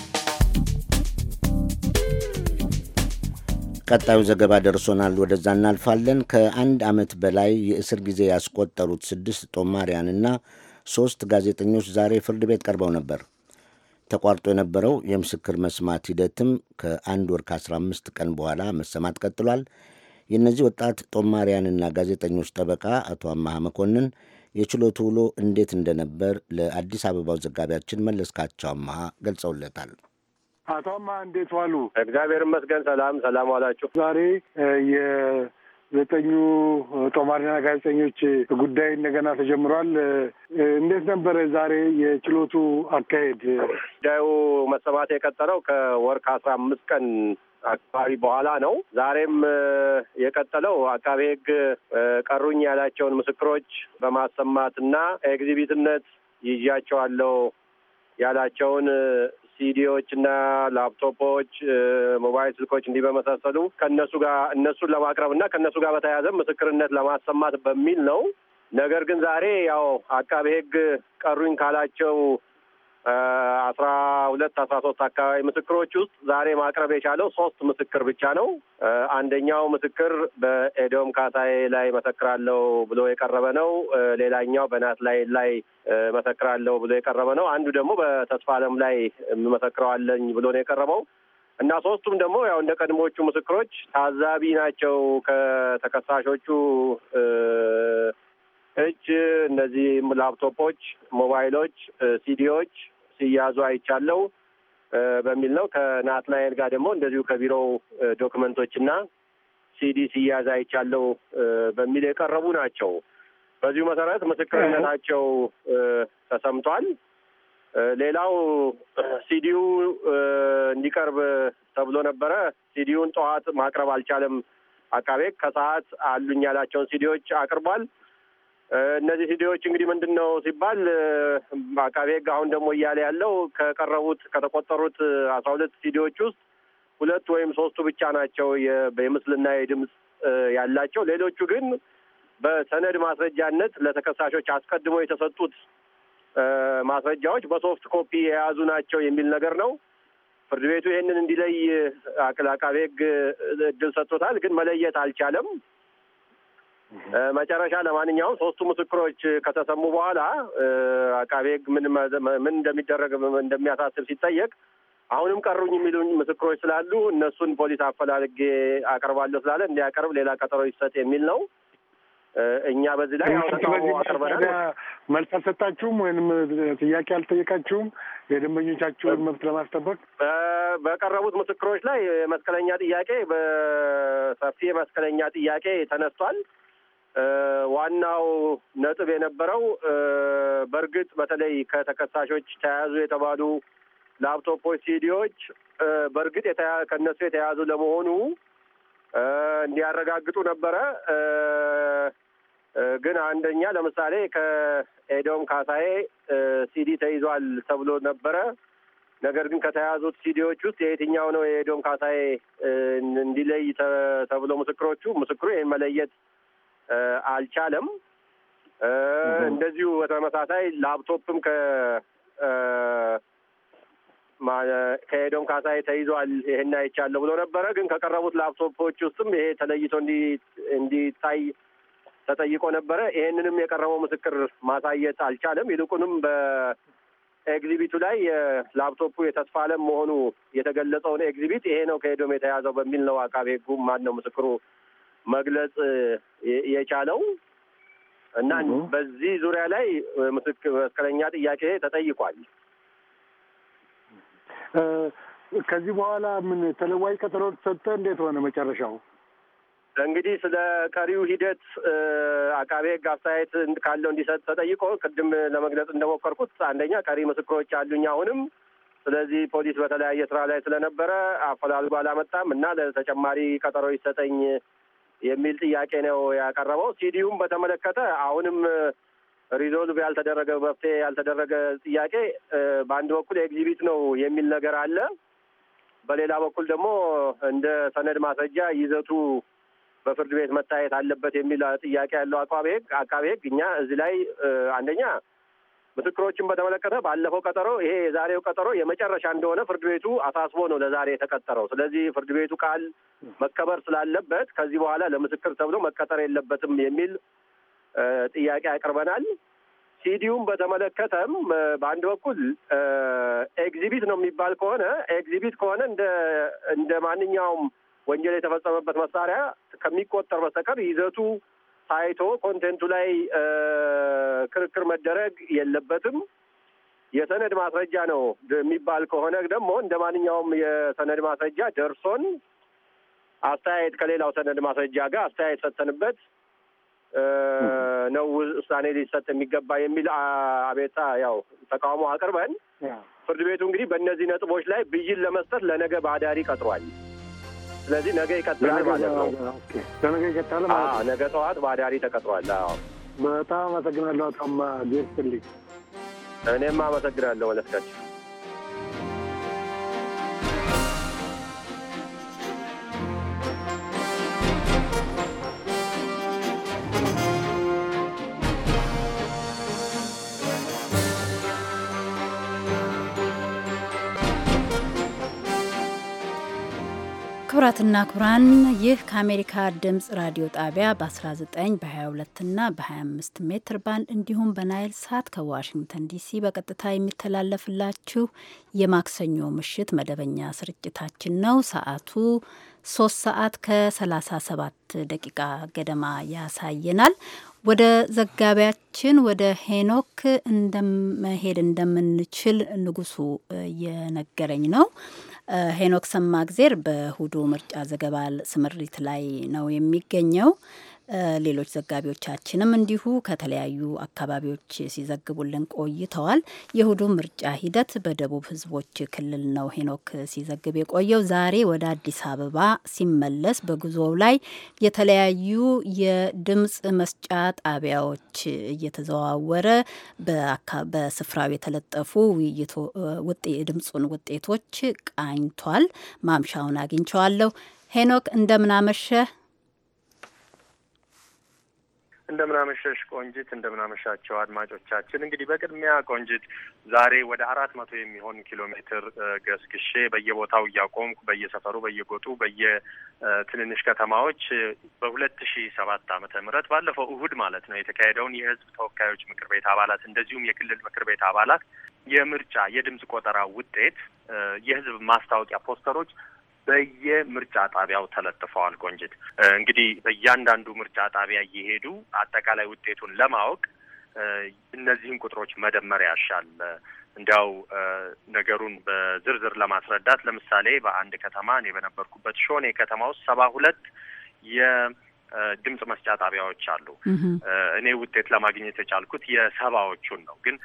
ቀጣዩ ዘገባ ደርሶናል። ወደዛ እናልፋለን። ከአንድ ዓመት በላይ የእስር ጊዜ ያስቆጠሩት ስድስት ጦማሪያንና ሦስት ጋዜጠኞች ዛሬ ፍርድ ቤት ቀርበው ነበር። ተቋርጦ የነበረው የምስክር መስማት ሂደትም ከአንድ ወር ከ15 ቀን በኋላ መሰማት ቀጥሏል። የእነዚህ ወጣት ጦማሪያንና ጋዜጠኞች ጠበቃ አቶ አማሃ መኮንን የችሎቱ ውሎ እንዴት እንደነበር ለአዲስ አበባው ዘጋቢያችን መለስካቸው አማሃ ገልጸውለታል። አቶ አማ እንዴት ዋሉ? እግዚአብሔር ይመስገን። ሰላም ሰላም ዋላችሁ። ዛሬ የዘጠኙ ጦማሪና ጋዜጠኞች ጉዳይ እንደገና ተጀምሯል። እንዴት ነበረ ዛሬ የችሎቱ አካሄድ? ጉዳዩ መሰማት የቀጠለው ከወር ከአስራ አምስት ቀን አካባቢ በኋላ ነው። ዛሬም የቀጠለው አቃቤ ሕግ ቀሩኝ ያላቸውን ምስክሮች በማሰማት እና ኤግዚቢትነት ይዣቸዋለሁ ያላቸውን ሲዲዎች እና ላፕቶፖች፣ ሞባይል ስልኮች እንዲህ በመሳሰሉ ከእነሱ ጋር እነሱን ለማቅረብ እና ከእነሱ ጋር በተያያዘ ምስክርነት ለማሰማት በሚል ነው። ነገር ግን ዛሬ ያው አቃቤ ሕግ ቀሩኝ ካላቸው አስራ ሁለት አስራ ሶስት አካባቢ ምስክሮች ውስጥ ዛሬ ማቅረብ የቻለው ሶስት ምስክር ብቻ ነው። አንደኛው ምስክር በኤዶም ካሳዬ ላይ መሰክራለሁ ብሎ የቀረበ ነው። ሌላኛው በናት ላይ መሰክራለሁ ብሎ የቀረበ ነው። አንዱ ደግሞ በተስፋ አለም ላይ መሰክረዋለኝ ብሎ ነው የቀረበው እና ሶስቱም ደግሞ ያው እንደ ቀድሞቹ ምስክሮች ታዛቢ ናቸው ከተከሳሾቹ እጅ እነዚህ ላፕቶፖች፣ ሞባይሎች፣ ሲዲዎች ሲያዙ አይቻለው በሚል ነው። ከናትናኤል ጋር ደግሞ እንደዚሁ ከቢሮው ዶክመንቶችና ሲዲ ሲያዝ አይቻለው በሚል የቀረቡ ናቸው። በዚሁ መሰረት ምስክርነታቸው ተሰምቷል። ሌላው ሲዲው እንዲቀርብ ተብሎ ነበረ። ሲዲውን ጠዋት ማቅረብ አልቻለም። አቃቤ ከሰዓት አሉኝ ያላቸውን ሲዲዎች አቅርቧል። እነዚህ ሲዲዎች እንግዲህ ምንድን ነው ሲባል አቃቤ ሕግ አሁን ደግሞ እያለ ያለው ከቀረቡት ከተቆጠሩት አስራ ሁለት ሲዲዎች ውስጥ ሁለት ወይም ሶስቱ ብቻ ናቸው የምስልና የድምፅ ያላቸው። ሌሎቹ ግን በሰነድ ማስረጃነት ለተከሳሾች አስቀድሞ የተሰጡት ማስረጃዎች በሶፍት ኮፒ የያዙ ናቸው የሚል ነገር ነው። ፍርድ ቤቱ ይህንን እንዲለይ አቃቤ ሕግ እድል ሰጥቶታል፣ ግን መለየት አልቻለም። መጨረሻ ለማንኛውም ሶስቱ ምስክሮች ከተሰሙ በኋላ አቃቤ ሕግ ምን ምን እንደሚደረግ እንደሚያሳስብ ሲጠየቅ አሁንም ቀሩኝ የሚሉኝ ምስክሮች ስላሉ እነሱን ፖሊስ አፈላልጌ አቀርባለሁ ስላለ እንዲያቀርብ ሌላ ቀጠሮ ይሰጥ የሚል ነው። እኛ በዚህ ላይ ተቃውሞ አቅርበናል። መልስ አልሰጣችሁም ወይም ጥያቄ አልጠየቃችሁም? የደንበኞቻችሁን መብት ለማስጠበቅ በቀረቡት ምስክሮች ላይ የመስቀለኛ ጥያቄ በሰፊ የመስቀለኛ ጥያቄ ተነስቷል። ዋናው ነጥብ የነበረው በእርግጥ በተለይ ከተከሳሾች ተያያዙ የተባሉ ላፕቶፖች፣ ሲዲዎች በእርግጥ ከእነሱ የተያያዙ ለመሆኑ እንዲያረጋግጡ ነበረ። ግን አንደኛ ለምሳሌ ከኤዶም ካሳዬ ሲዲ ተይዟል ተብሎ ነበረ። ነገር ግን ከተያያዙት ሲዲዎች ውስጥ የየትኛው ነው የኤዶም ካሳዬ እንዲለይ ተብሎ ምስክሮቹ ምስክሩ ይህን መለየት አልቻለም። እንደዚሁ በተመሳሳይ ላፕቶፕም ከ ከሄዶም ካሳይ ተይዟል። ይሄን አይቻለሁ ብሎ ነበረ። ግን ከቀረቡት ላፕቶፖች ውስጥም ይሄ ተለይቶ እንዲታይ ተጠይቆ ነበረ። ይሄንንም የቀረበው ምስክር ማሳየት አልቻለም። ይልቁንም በኤግዚቢቱ ላይ ላፕቶፑ የተስፋ አለም መሆኑ የተገለጸውን ኤግዚቢት ይሄ ነው ከሄዶም የተያዘው በሚል ነው አቃቤ ሕጉም ማን ነው ምስክሩ መግለጽ የቻለው እና በዚህ ዙሪያ ላይ ምስክለኛ ጥያቄ ተጠይቋል። ከዚህ በኋላ ምን ተለዋጭ ቀጠሮ ተሰጠ? እንዴት ሆነ መጨረሻው? እንግዲህ ስለ ቀሪው ሂደት አቃቤ ሕግ አስተያየት ካለው እንዲሰጥ ተጠይቆ ቅድም ለመግለጽ እንደሞከርኩት አንደኛ ቀሪ ምስክሮች አሉኝ አሁንም። ስለዚህ ፖሊስ በተለያየ ስራ ላይ ስለነበረ አፈላልጎ አላመጣም እና ለተጨማሪ ቀጠሮ ይሰጠኝ የሚል ጥያቄ ነው ያቀረበው። ሲዲዩም በተመለከተ አሁንም ሪዞልቭ ያልተደረገ መፍትሄ ያልተደረገ ጥያቄ በአንድ በኩል ኤግዚቢት ነው የሚል ነገር አለ። በሌላ በኩል ደግሞ እንደ ሰነድ ማስረጃ ይዘቱ በፍርድ ቤት መታየት አለበት የሚል ጥያቄ ያለው አቃቤ ሕግ አቃቤ ሕግ እኛ እዚህ ላይ አንደኛ ምስክሮችን በተመለከተ ባለፈው ቀጠሮ ይሄ የዛሬው ቀጠሮ የመጨረሻ እንደሆነ ፍርድ ቤቱ አሳስቦ ነው ለዛሬ የተቀጠረው። ስለዚህ ፍርድ ቤቱ ቃል መከበር ስላለበት ከዚህ በኋላ ለምስክር ተብሎ መቀጠር የለበትም የሚል ጥያቄ አቅርበናል። ሲዲውም በተመለከተም በአንድ በኩል ኤግዚቢት ነው የሚባል ከሆነ ኤግዚቢት ከሆነ እንደ እንደ ማንኛውም ወንጀል የተፈጸመበት መሳሪያ ከሚቆጠር በስተቀር ይዘቱ ታይቶ ኮንቴንቱ ላይ ክርክር መደረግ የለበትም። የሰነድ ማስረጃ ነው የሚባል ከሆነ ደግሞ እንደ ማንኛውም የሰነድ ማስረጃ ደርሶን አስተያየት ከሌላው ሰነድ ማስረጃ ጋር አስተያየት ሰጥተንበት ነው ውሳኔ ሊሰጥ የሚገባ የሚል አቤታ ያው ተቃውሞ አቅርበን ፍርድ ቤቱ እንግዲህ በእነዚህ ነጥቦች ላይ ብይን ለመስጠት ለነገ ባዳሪ ቀጥሯል። ስለዚህ ነገ ይቀጥላል ማለት ነው። ለነገ ይቀጥላል ማለት ነው። ነገ ጠዋት ባዳሪ ተቀጥሯል። በጣም አመሰግናለሁ። ጣማ ጌርስልኝ እኔም አመሰግናለሁ መለስካቸው። ክቡራትና ክቡራን ይህ ከአሜሪካ ድምፅ ራዲዮ ጣቢያ በ19 በ22 እና በ25 ሜትር ባንድ እንዲሁም በናይል ሳት ከዋሽንግተን ዲሲ በቀጥታ የሚተላለፍላችሁ የማክሰኞ ምሽት መደበኛ ስርጭታችን ነው። ሰዓቱ 3 ሰዓት ከ37 ደቂቃ ገደማ ያሳየናል። ወደ ዘጋቢያችን ወደ ሄኖክ መሄድ እንደምንችል ንጉሱ እየነገረኝ ነው። ሄኖክ ሰማግዜር በእሁዱ ምርጫ ዘገባ ስምሪት ላይ ነው የሚገኘው። ሌሎች ዘጋቢዎቻችንም እንዲሁ ከተለያዩ አካባቢዎች ሲዘግቡልን ቆይተዋል። የእሁዱ ምርጫ ሂደት በደቡብ ህዝቦች ክልል ነው ሄኖክ ሲዘግብ የቆየው። ዛሬ ወደ አዲስ አበባ ሲመለስ በጉዞው ላይ የተለያዩ የድምፅ መስጫ ጣቢያዎች እየተዘዋወረ በስፍራው የተለጠፉ ድምፁን ውጤቶች ቃኝቷል። ማምሻውን አግኝቸዋለሁ። ሄኖክ እንደምናመሸህ እንደምናመሸሽ ቆንጅት እንደምናመሻቸው አድማጮቻችን። እንግዲህ በቅድሚያ ቆንጅት ዛሬ ወደ አራት መቶ የሚሆን ኪሎ ሜትር ገስግሼ በየቦታው እያቆምኩ በየሰፈሩ፣ በየጎጡ፣ በየትንንሽ ከተማዎች በሁለት ሺ ሰባት አመተ ምህረት ባለፈው እሁድ ማለት ነው የተካሄደውን የህዝብ ተወካዮች ምክር ቤት አባላት እንደዚሁም የክልል ምክር ቤት አባላት የምርጫ የድምፅ ቆጠራ ውጤት የህዝብ ማስታወቂያ ፖስተሮች በየምርጫ ጣቢያው ተለጥፈዋል። ቆንጅት እንግዲህ በእያንዳንዱ ምርጫ ጣቢያ እየሄዱ አጠቃላይ ውጤቱን ለማወቅ እነዚህን ቁጥሮች መደመር ያሻል። እንዲያው ነገሩን በዝርዝር ለማስረዳት ለምሳሌ በአንድ ከተማ እኔ በነበርኩበት ሾኔ ከተማ ውስጥ ሰባ ሁለት የድምፅ መስጫ ጣቢያዎች አሉ። እኔ ውጤት ለማግኘት የቻልኩት የሰባዎቹን ነው። ግን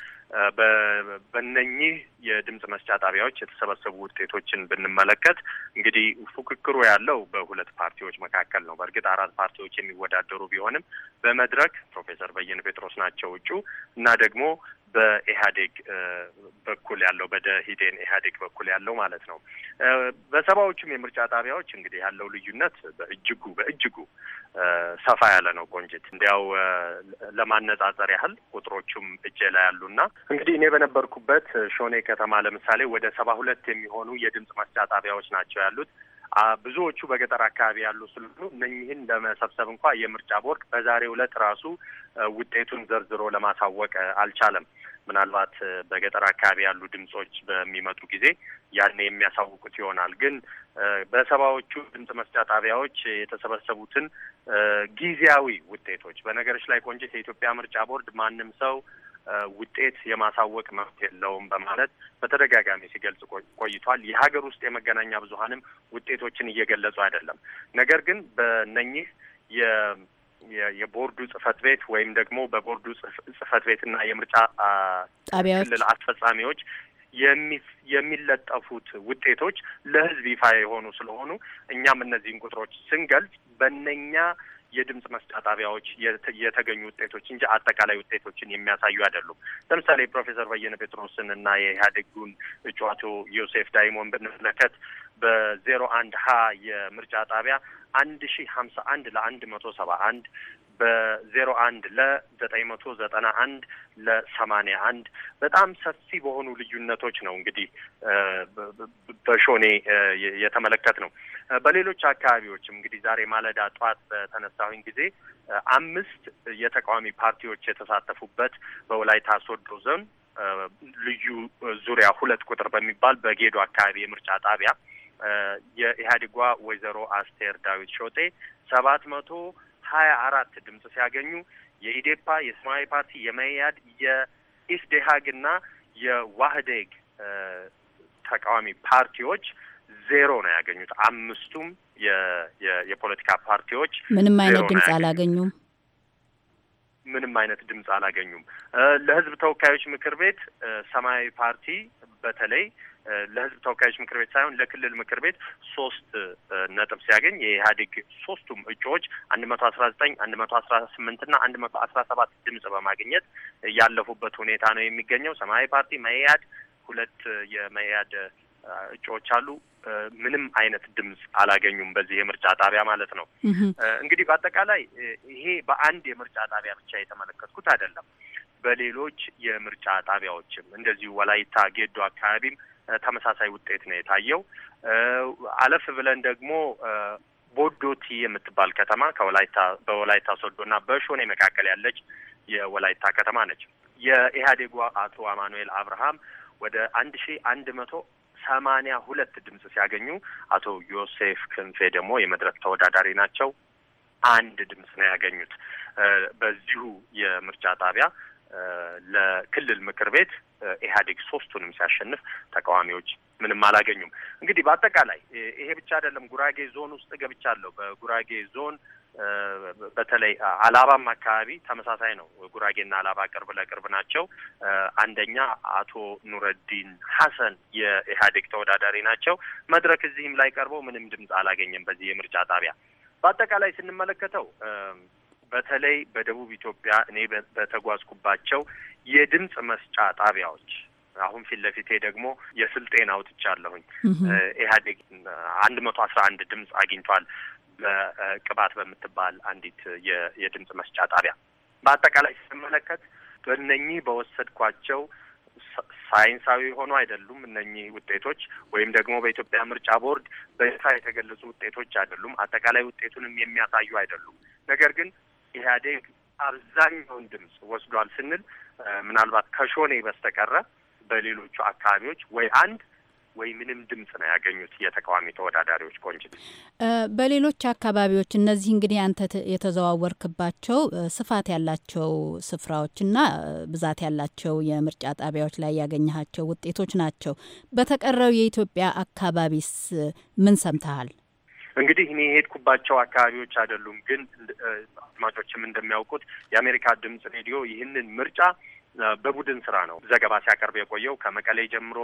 በነኚህ የድምጽ መስጫ ጣቢያዎች የተሰበሰቡ ውጤቶችን ብንመለከት እንግዲህ ፉክክሩ ያለው በሁለት ፓርቲዎች መካከል ነው። በእርግጥ አራት ፓርቲዎች የሚወዳደሩ ቢሆንም በመድረክ ፕሮፌሰር በየነ ጴጥሮስ ናቸው እጩ እና ደግሞ በኢህአዴግ በኩል ያለው በደኢህዴን ኢህአዴግ በኩል ያለው ማለት ነው። በሰባዎቹም የምርጫ ጣቢያዎች እንግዲህ ያለው ልዩነት በእጅጉ በእጅጉ ሰፋ ያለ ነው። ቆንጅት እንዲያው ለማነጻጸር ያህል ቁጥሮቹም እጄ ላይ ያሉና እንግዲህ እኔ በነበርኩበት ሾኔ ከተማ ለምሳሌ ወደ ሰባ ሁለት የሚሆኑ የድምፅ መስጫ ጣቢያዎች ናቸው ያሉት። ብዙዎቹ በገጠር አካባቢ ያሉ ስለሆኑ እነኝህን ለመሰብሰብ እንኳ የምርጫ ቦርድ በዛሬ ዕለት ራሱ ውጤቱን ዘርዝሮ ለማሳወቅ አልቻለም። ምናልባት በገጠር አካባቢ ያሉ ድምጾች በሚመጡ ጊዜ ያን የሚያሳውቁት ይሆናል። ግን በሰባዎቹ ድምጽ መስጫ ጣቢያዎች የተሰበሰቡትን ጊዜያዊ ውጤቶች በነገሮች ላይ ቆንጅት የኢትዮጵያ ምርጫ ቦርድ ማንም ሰው ውጤት የማሳወቅ መብት የለውም በማለት በተደጋጋሚ ሲገልጽ ቆይቷል። የሀገር ውስጥ የመገናኛ ብዙኃንም ውጤቶችን እየገለጹ አይደለም። ነገር ግን በነኚህ የቦርዱ ጽህፈት ቤት ወይም ደግሞ በቦርዱ ጽህፈት ቤትና የምርጫ ክልል አስፈጻሚዎች የሚለጠፉት ውጤቶች ለህዝብ ይፋ የሆኑ ስለሆኑ እኛም እነዚህን ቁጥሮች ስንገልጽ በነኛ የድምጽ መስጫ ጣቢያዎች የተገኙ ውጤቶች እንጂ አጠቃላይ ውጤቶችን የሚያሳዩ አይደሉም። ለምሳሌ ፕሮፌሰር በየነ ጴጥሮስን እና የኢህአዴጉን እጩ አቶ ዮሴፍ ዳይሞን ብንመለከት በዜሮ አንድ ሀ የምርጫ ጣቢያ አንድ ሺ ሀምሳ አንድ ለአንድ መቶ ሰባ አንድ በዜሮ አንድ ለዘጠኝ መቶ ዘጠና አንድ ለሰማኒያ አንድ በጣም ሰፊ በሆኑ ልዩነቶች ነው እንግዲህ በሾኔ የተመለከት ነው። በሌሎች አካባቢዎችም እንግዲህ ዛሬ ማለዳ ጠዋት በተነሳሁኝ ጊዜ አምስት የተቃዋሚ ፓርቲዎች የተሳተፉበት በወላይታ ሶዶ ዞን ልዩ ዙሪያ ሁለት ቁጥር በሚባል በጌዶ አካባቢ የምርጫ ጣቢያ የኢህአዴጓ ወይዘሮ አስቴር ዳዊት ሾጤ ሰባት መቶ ሀያ አራት ድምጽ ሲያገኙ የኢዴፓ፣ የሰማያዊ ፓርቲ፣ የመያድ፣ የኢስዴሀግና የዋህዴግ ተቃዋሚ ፓርቲዎች ዜሮ ነው ያገኙት። አምስቱም የፖለቲካ ፓርቲዎች ምንም አይነት ድምጽ አላገኙም። ምንም አይነት ድምጽ አላገኙም። ለህዝብ ተወካዮች ምክር ቤት ሰማያዊ ፓርቲ በተለይ ለህዝብ ተወካዮች ምክር ቤት ሳይሆን ለክልል ምክር ቤት ሶስት ነጥብ ሲያገኝ የኢህአዴግ ሶስቱም እጩዎች አንድ መቶ አስራ ዘጠኝ አንድ መቶ አስራ ስምንት ና አንድ መቶ አስራ ሰባት ድምጽ በማግኘት ያለፉበት ሁኔታ ነው የሚገኘው። ሰማያዊ ፓርቲ መኢአድ፣ ሁለት የመኢአድ እጩዎች አሉ። ምንም አይነት ድምጽ አላገኙም፣ በዚህ የምርጫ ጣቢያ ማለት ነው። እንግዲህ በአጠቃላይ ይሄ በአንድ የምርጫ ጣቢያ ብቻ የተመለከትኩት አይደለም። በሌሎች የምርጫ ጣቢያዎችም እንደዚሁ ወላይታ ጌዶ አካባቢም ተመሳሳይ ውጤት ነው የታየው። አለፍ ብለን ደግሞ ቦዶቲ የምትባል ከተማ ከወላይታ በወላይታ ሶዶና በሾኔ መካከል ያለች የወላይታ ከተማ ነች። የኢህአዴጉ አቶ አማኑኤል አብርሃም ወደ አንድ ሺ አንድ መቶ ሰማኒያ ሁለት ድምጽ ሲያገኙ አቶ ዮሴፍ ክንፌ ደግሞ የመድረክ ተወዳዳሪ ናቸው። አንድ ድምጽ ነው ያገኙት። በዚሁ የምርጫ ጣቢያ ለክልል ምክር ቤት ኢህአዴግ ሶስቱንም ሲያሸንፍ ተቃዋሚዎች ምንም አላገኙም። እንግዲህ በአጠቃላይ ይሄ ብቻ አይደለም። ጉራጌ ዞን ውስጥ ገብቻለሁ። በጉራጌ ዞን በተለይ አላባም አካባቢ ተመሳሳይ ነው። ጉራጌና አላባ ቅርብ ለቅርብ ናቸው። አንደኛ አቶ ኑረዲን ሀሰን የኢህአዴግ ተወዳዳሪ ናቸው። መድረክ እዚህም ላይ ቀርበው ምንም ድምፅ አላገኘም በዚህ የምርጫ ጣቢያ። በአጠቃላይ ስንመለከተው በተለይ በደቡብ ኢትዮጵያ እኔ በተጓዝኩባቸው የድምፅ መስጫ ጣቢያዎች አሁን ፊት ለፊቴ ደግሞ የስልጤን አውጥቻለሁኝ። ኢህአዴግ አንድ መቶ አስራ አንድ ድምፅ አግኝቷል በቅባት በምትባል አንዲት የድምፅ መስጫ ጣቢያ። በአጠቃላይ ስመለከት በእነኚህ በወሰድኳቸው ሳይንሳዊ የሆኑ አይደሉም እነኚህ ውጤቶች ወይም ደግሞ በኢትዮጵያ ምርጫ ቦርድ በይፋ የተገለጹ ውጤቶች አይደሉም። አጠቃላይ ውጤቱንም የሚያሳዩ አይደሉም። ነገር ግን ኢህአዴግ አብዛኛውን ድምጽ ወስዷል ስንል ምናልባት ከሾኔ በስተቀረ በሌሎቹ አካባቢዎች ወይ አንድ ወይ ምንም ድምጽ ነው ያገኙት የተቃዋሚ ተወዳዳሪዎች። ቆንጅት፣ በሌሎች አካባቢዎች እነዚህ እንግዲህ አንተ የተዘዋወርክባቸው ስፋት ያላቸው ስፍራዎችና ብዛት ያላቸው የምርጫ ጣቢያዎች ላይ ያገኘሃቸው ውጤቶች ናቸው። በተቀረው የኢትዮጵያ አካባቢስ ምን ሰምተሃል? እንግዲህ እኔ የሄድኩባቸው አካባቢዎች አይደሉም፣ ግን አድማጮችም እንደሚያውቁት የአሜሪካ ድምጽ ሬዲዮ ይህንን ምርጫ በቡድን ስራ ነው ዘገባ ሲያቀርብ የቆየው ከመቀሌ ጀምሮ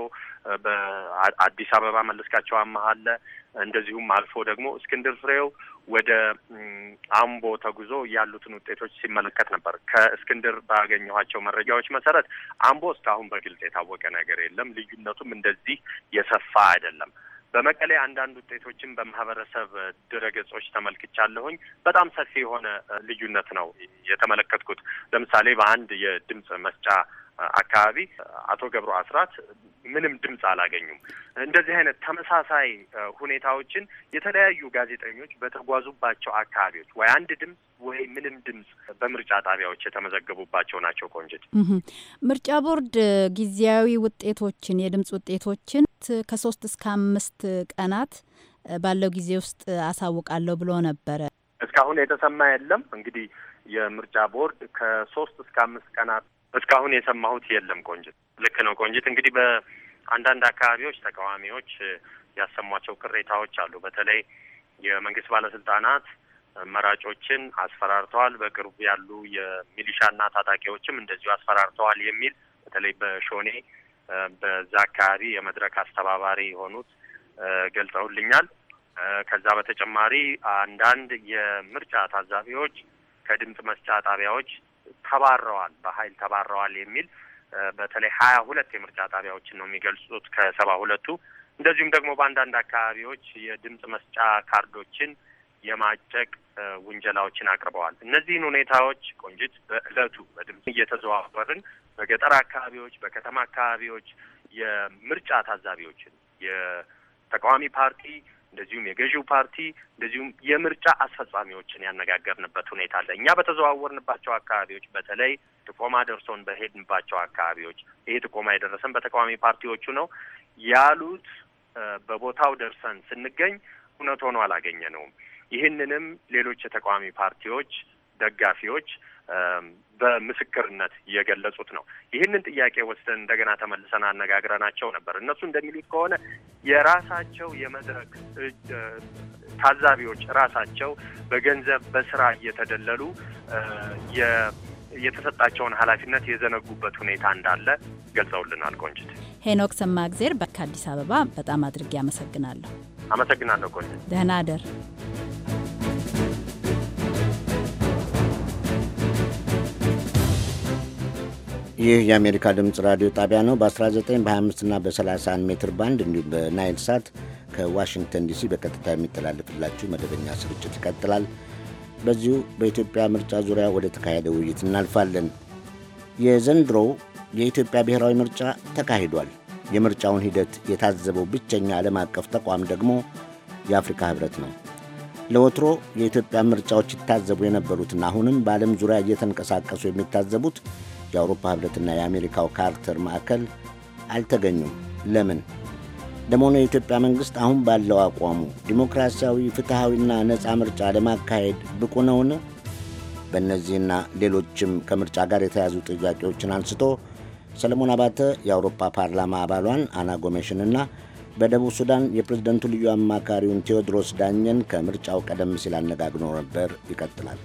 በአዲስ አበባ መለስካቸው አማሃ እንደዚሁም አልፎ ደግሞ እስክንድር ፍሬው ወደ አምቦ ተጉዞ ያሉትን ውጤቶች ሲመለከት ነበር። ከእስክንድር ባገኘኋቸው መረጃዎች መሰረት አምቦ እስካሁን በግልጽ የታወቀ ነገር የለም። ልዩነቱም እንደዚህ የሰፋ አይደለም። በመቀሌ አንዳንድ ውጤቶችን በማህበረሰብ ድረገጾች ተመልክቻለሁኝ። በጣም ሰፊ የሆነ ልዩነት ነው የተመለከትኩት። ለምሳሌ በአንድ የድምፅ መስጫ አካባቢ አቶ ገብሩ አስራት ምንም ድምፅ አላገኙም። እንደዚህ አይነት ተመሳሳይ ሁኔታዎችን የተለያዩ ጋዜጠኞች በተጓዙባቸው አካባቢዎች ወይ አንድ ድምፅ ወይ ምንም ድምፅ በምርጫ ጣቢያዎች የተመዘገቡባቸው ናቸው። ቆንጅት፣ ምርጫ ቦርድ ጊዜያዊ ውጤቶችን የድምፅ ውጤቶችን ከሶስት እስከ አምስት ቀናት ባለው ጊዜ ውስጥ አሳውቃለሁ ብሎ ነበረ። እስካሁን የተሰማ የለም። እንግዲህ የምርጫ ቦርድ ከሶስት እስከ አምስት ቀናት እስካሁን የሰማሁት የለም። ቆንጅት ልክ ነው። ቆንጅት እንግዲህ በአንዳንድ አካባቢዎች ተቃዋሚዎች ያሰሟቸው ቅሬታዎች አሉ። በተለይ የመንግስት ባለስልጣናት መራጮችን አስፈራርተዋል፣ በቅርቡ ያሉ የሚሊሻና ታጣቂዎችም እንደዚሁ አስፈራርተዋል የሚል በተለይ በሾኔ በዛ አካባቢ የመድረክ አስተባባሪ የሆኑት ገልጸውልኛል። ከዛ በተጨማሪ አንዳንድ የምርጫ ታዛቢዎች ከድምፅ መስጫ ጣቢያዎች ተባረዋል፣ በሀይል ተባረዋል የሚል በተለይ ሀያ ሁለት የምርጫ ጣቢያዎችን ነው የሚገልጹት ከሰባ ሁለቱ እንደዚሁም ደግሞ በአንዳንድ አካባቢዎች የድምፅ መስጫ ካርዶችን የማጨቅ ውንጀላዎችን አቅርበዋል። እነዚህን ሁኔታዎች ቆንጅት በእለቱ በድምፅ እየተዘዋወርን በገጠር አካባቢዎች፣ በከተማ አካባቢዎች የምርጫ ታዛቢዎችን የተቃዋሚ ፓርቲ እንደዚሁም የገዢው ፓርቲ እንደዚሁም የምርጫ አስፈጻሚዎችን ያነጋገርንበት ሁኔታ አለ። እኛ በተዘዋወርንባቸው አካባቢዎች በተለይ ጥቆማ ደርሶን በሄድንባቸው አካባቢዎች ይሄ ጥቆማ የደረሰን በተቃዋሚ ፓርቲዎቹ ነው ያሉት በቦታው ደርሰን ስንገኝ እውነት ሆኖ አላገኘ ነውም። ይህንንም ሌሎች የተቃዋሚ ፓርቲዎች ደጋፊዎች በምስክርነት የገለጹት ነው። ይህንን ጥያቄ ወስደን እንደገና ተመልሰን አነጋግረናቸው ነበር። እነሱ እንደሚሉት ከሆነ የራሳቸው የመድረክ ታዛቢዎች ራሳቸው በገንዘብ በስራ እየተደለሉ የተሰጣቸውን ኃላፊነት የዘነጉበት ሁኔታ እንዳለ ገልጸውልናል። ቆንጅት ሄኖክ ሰማእግዜር ከአዲስ አበባ በጣም አድርጌ አመሰግናለሁ። አመሰግናለሁ ቆንጅት። ደህና አደር። ይህ የአሜሪካ ድምፅ ራዲዮ ጣቢያ ነው። በ19 25 በ31 ሜትር ባንድ እንዲሁም በናይል ሳት ከዋሽንግተን ዲሲ በቀጥታ የሚተላለፍላችሁ መደበኛ ስርጭት ይቀጥላል። በዚሁ በኢትዮጵያ ምርጫ ዙሪያ ወደ ተካሄደ ውይይት እናልፋለን። የዘንድሮው የኢትዮጵያ ብሔራዊ ምርጫ ተካሂዷል። የምርጫውን ሂደት የታዘበው ብቸኛ ዓለም አቀፍ ተቋም ደግሞ የአፍሪካ ህብረት ነው። ለወትሮ የኢትዮጵያ ምርጫዎች ይታዘቡ የነበሩትና አሁንም በዓለም ዙሪያ እየተንቀሳቀሱ የሚታዘቡት የአውሮፓ ህብረትና የአሜሪካው ካርተር ማዕከል አልተገኙም። ለምን? ለመሆኑ የኢትዮጵያ መንግሥት አሁን ባለው አቋሙ ዲሞክራሲያዊ ፍትሐዊና ነፃ ምርጫ ለማካሄድ ብቁ ነውን? በእነዚህና ሌሎችም ከምርጫ ጋር የተያዙ ጥያቄዎችን አንስቶ ሰለሞን አባተ የአውሮፓ ፓርላማ አባሏን አና ጎሜሽንና በደቡብ ሱዳን የፕሬዝደንቱ ልዩ አማካሪውን ቴዎድሮስ ዳኘን ከምርጫው ቀደም ሲል አነጋግኖ ነበር። ይቀጥላል።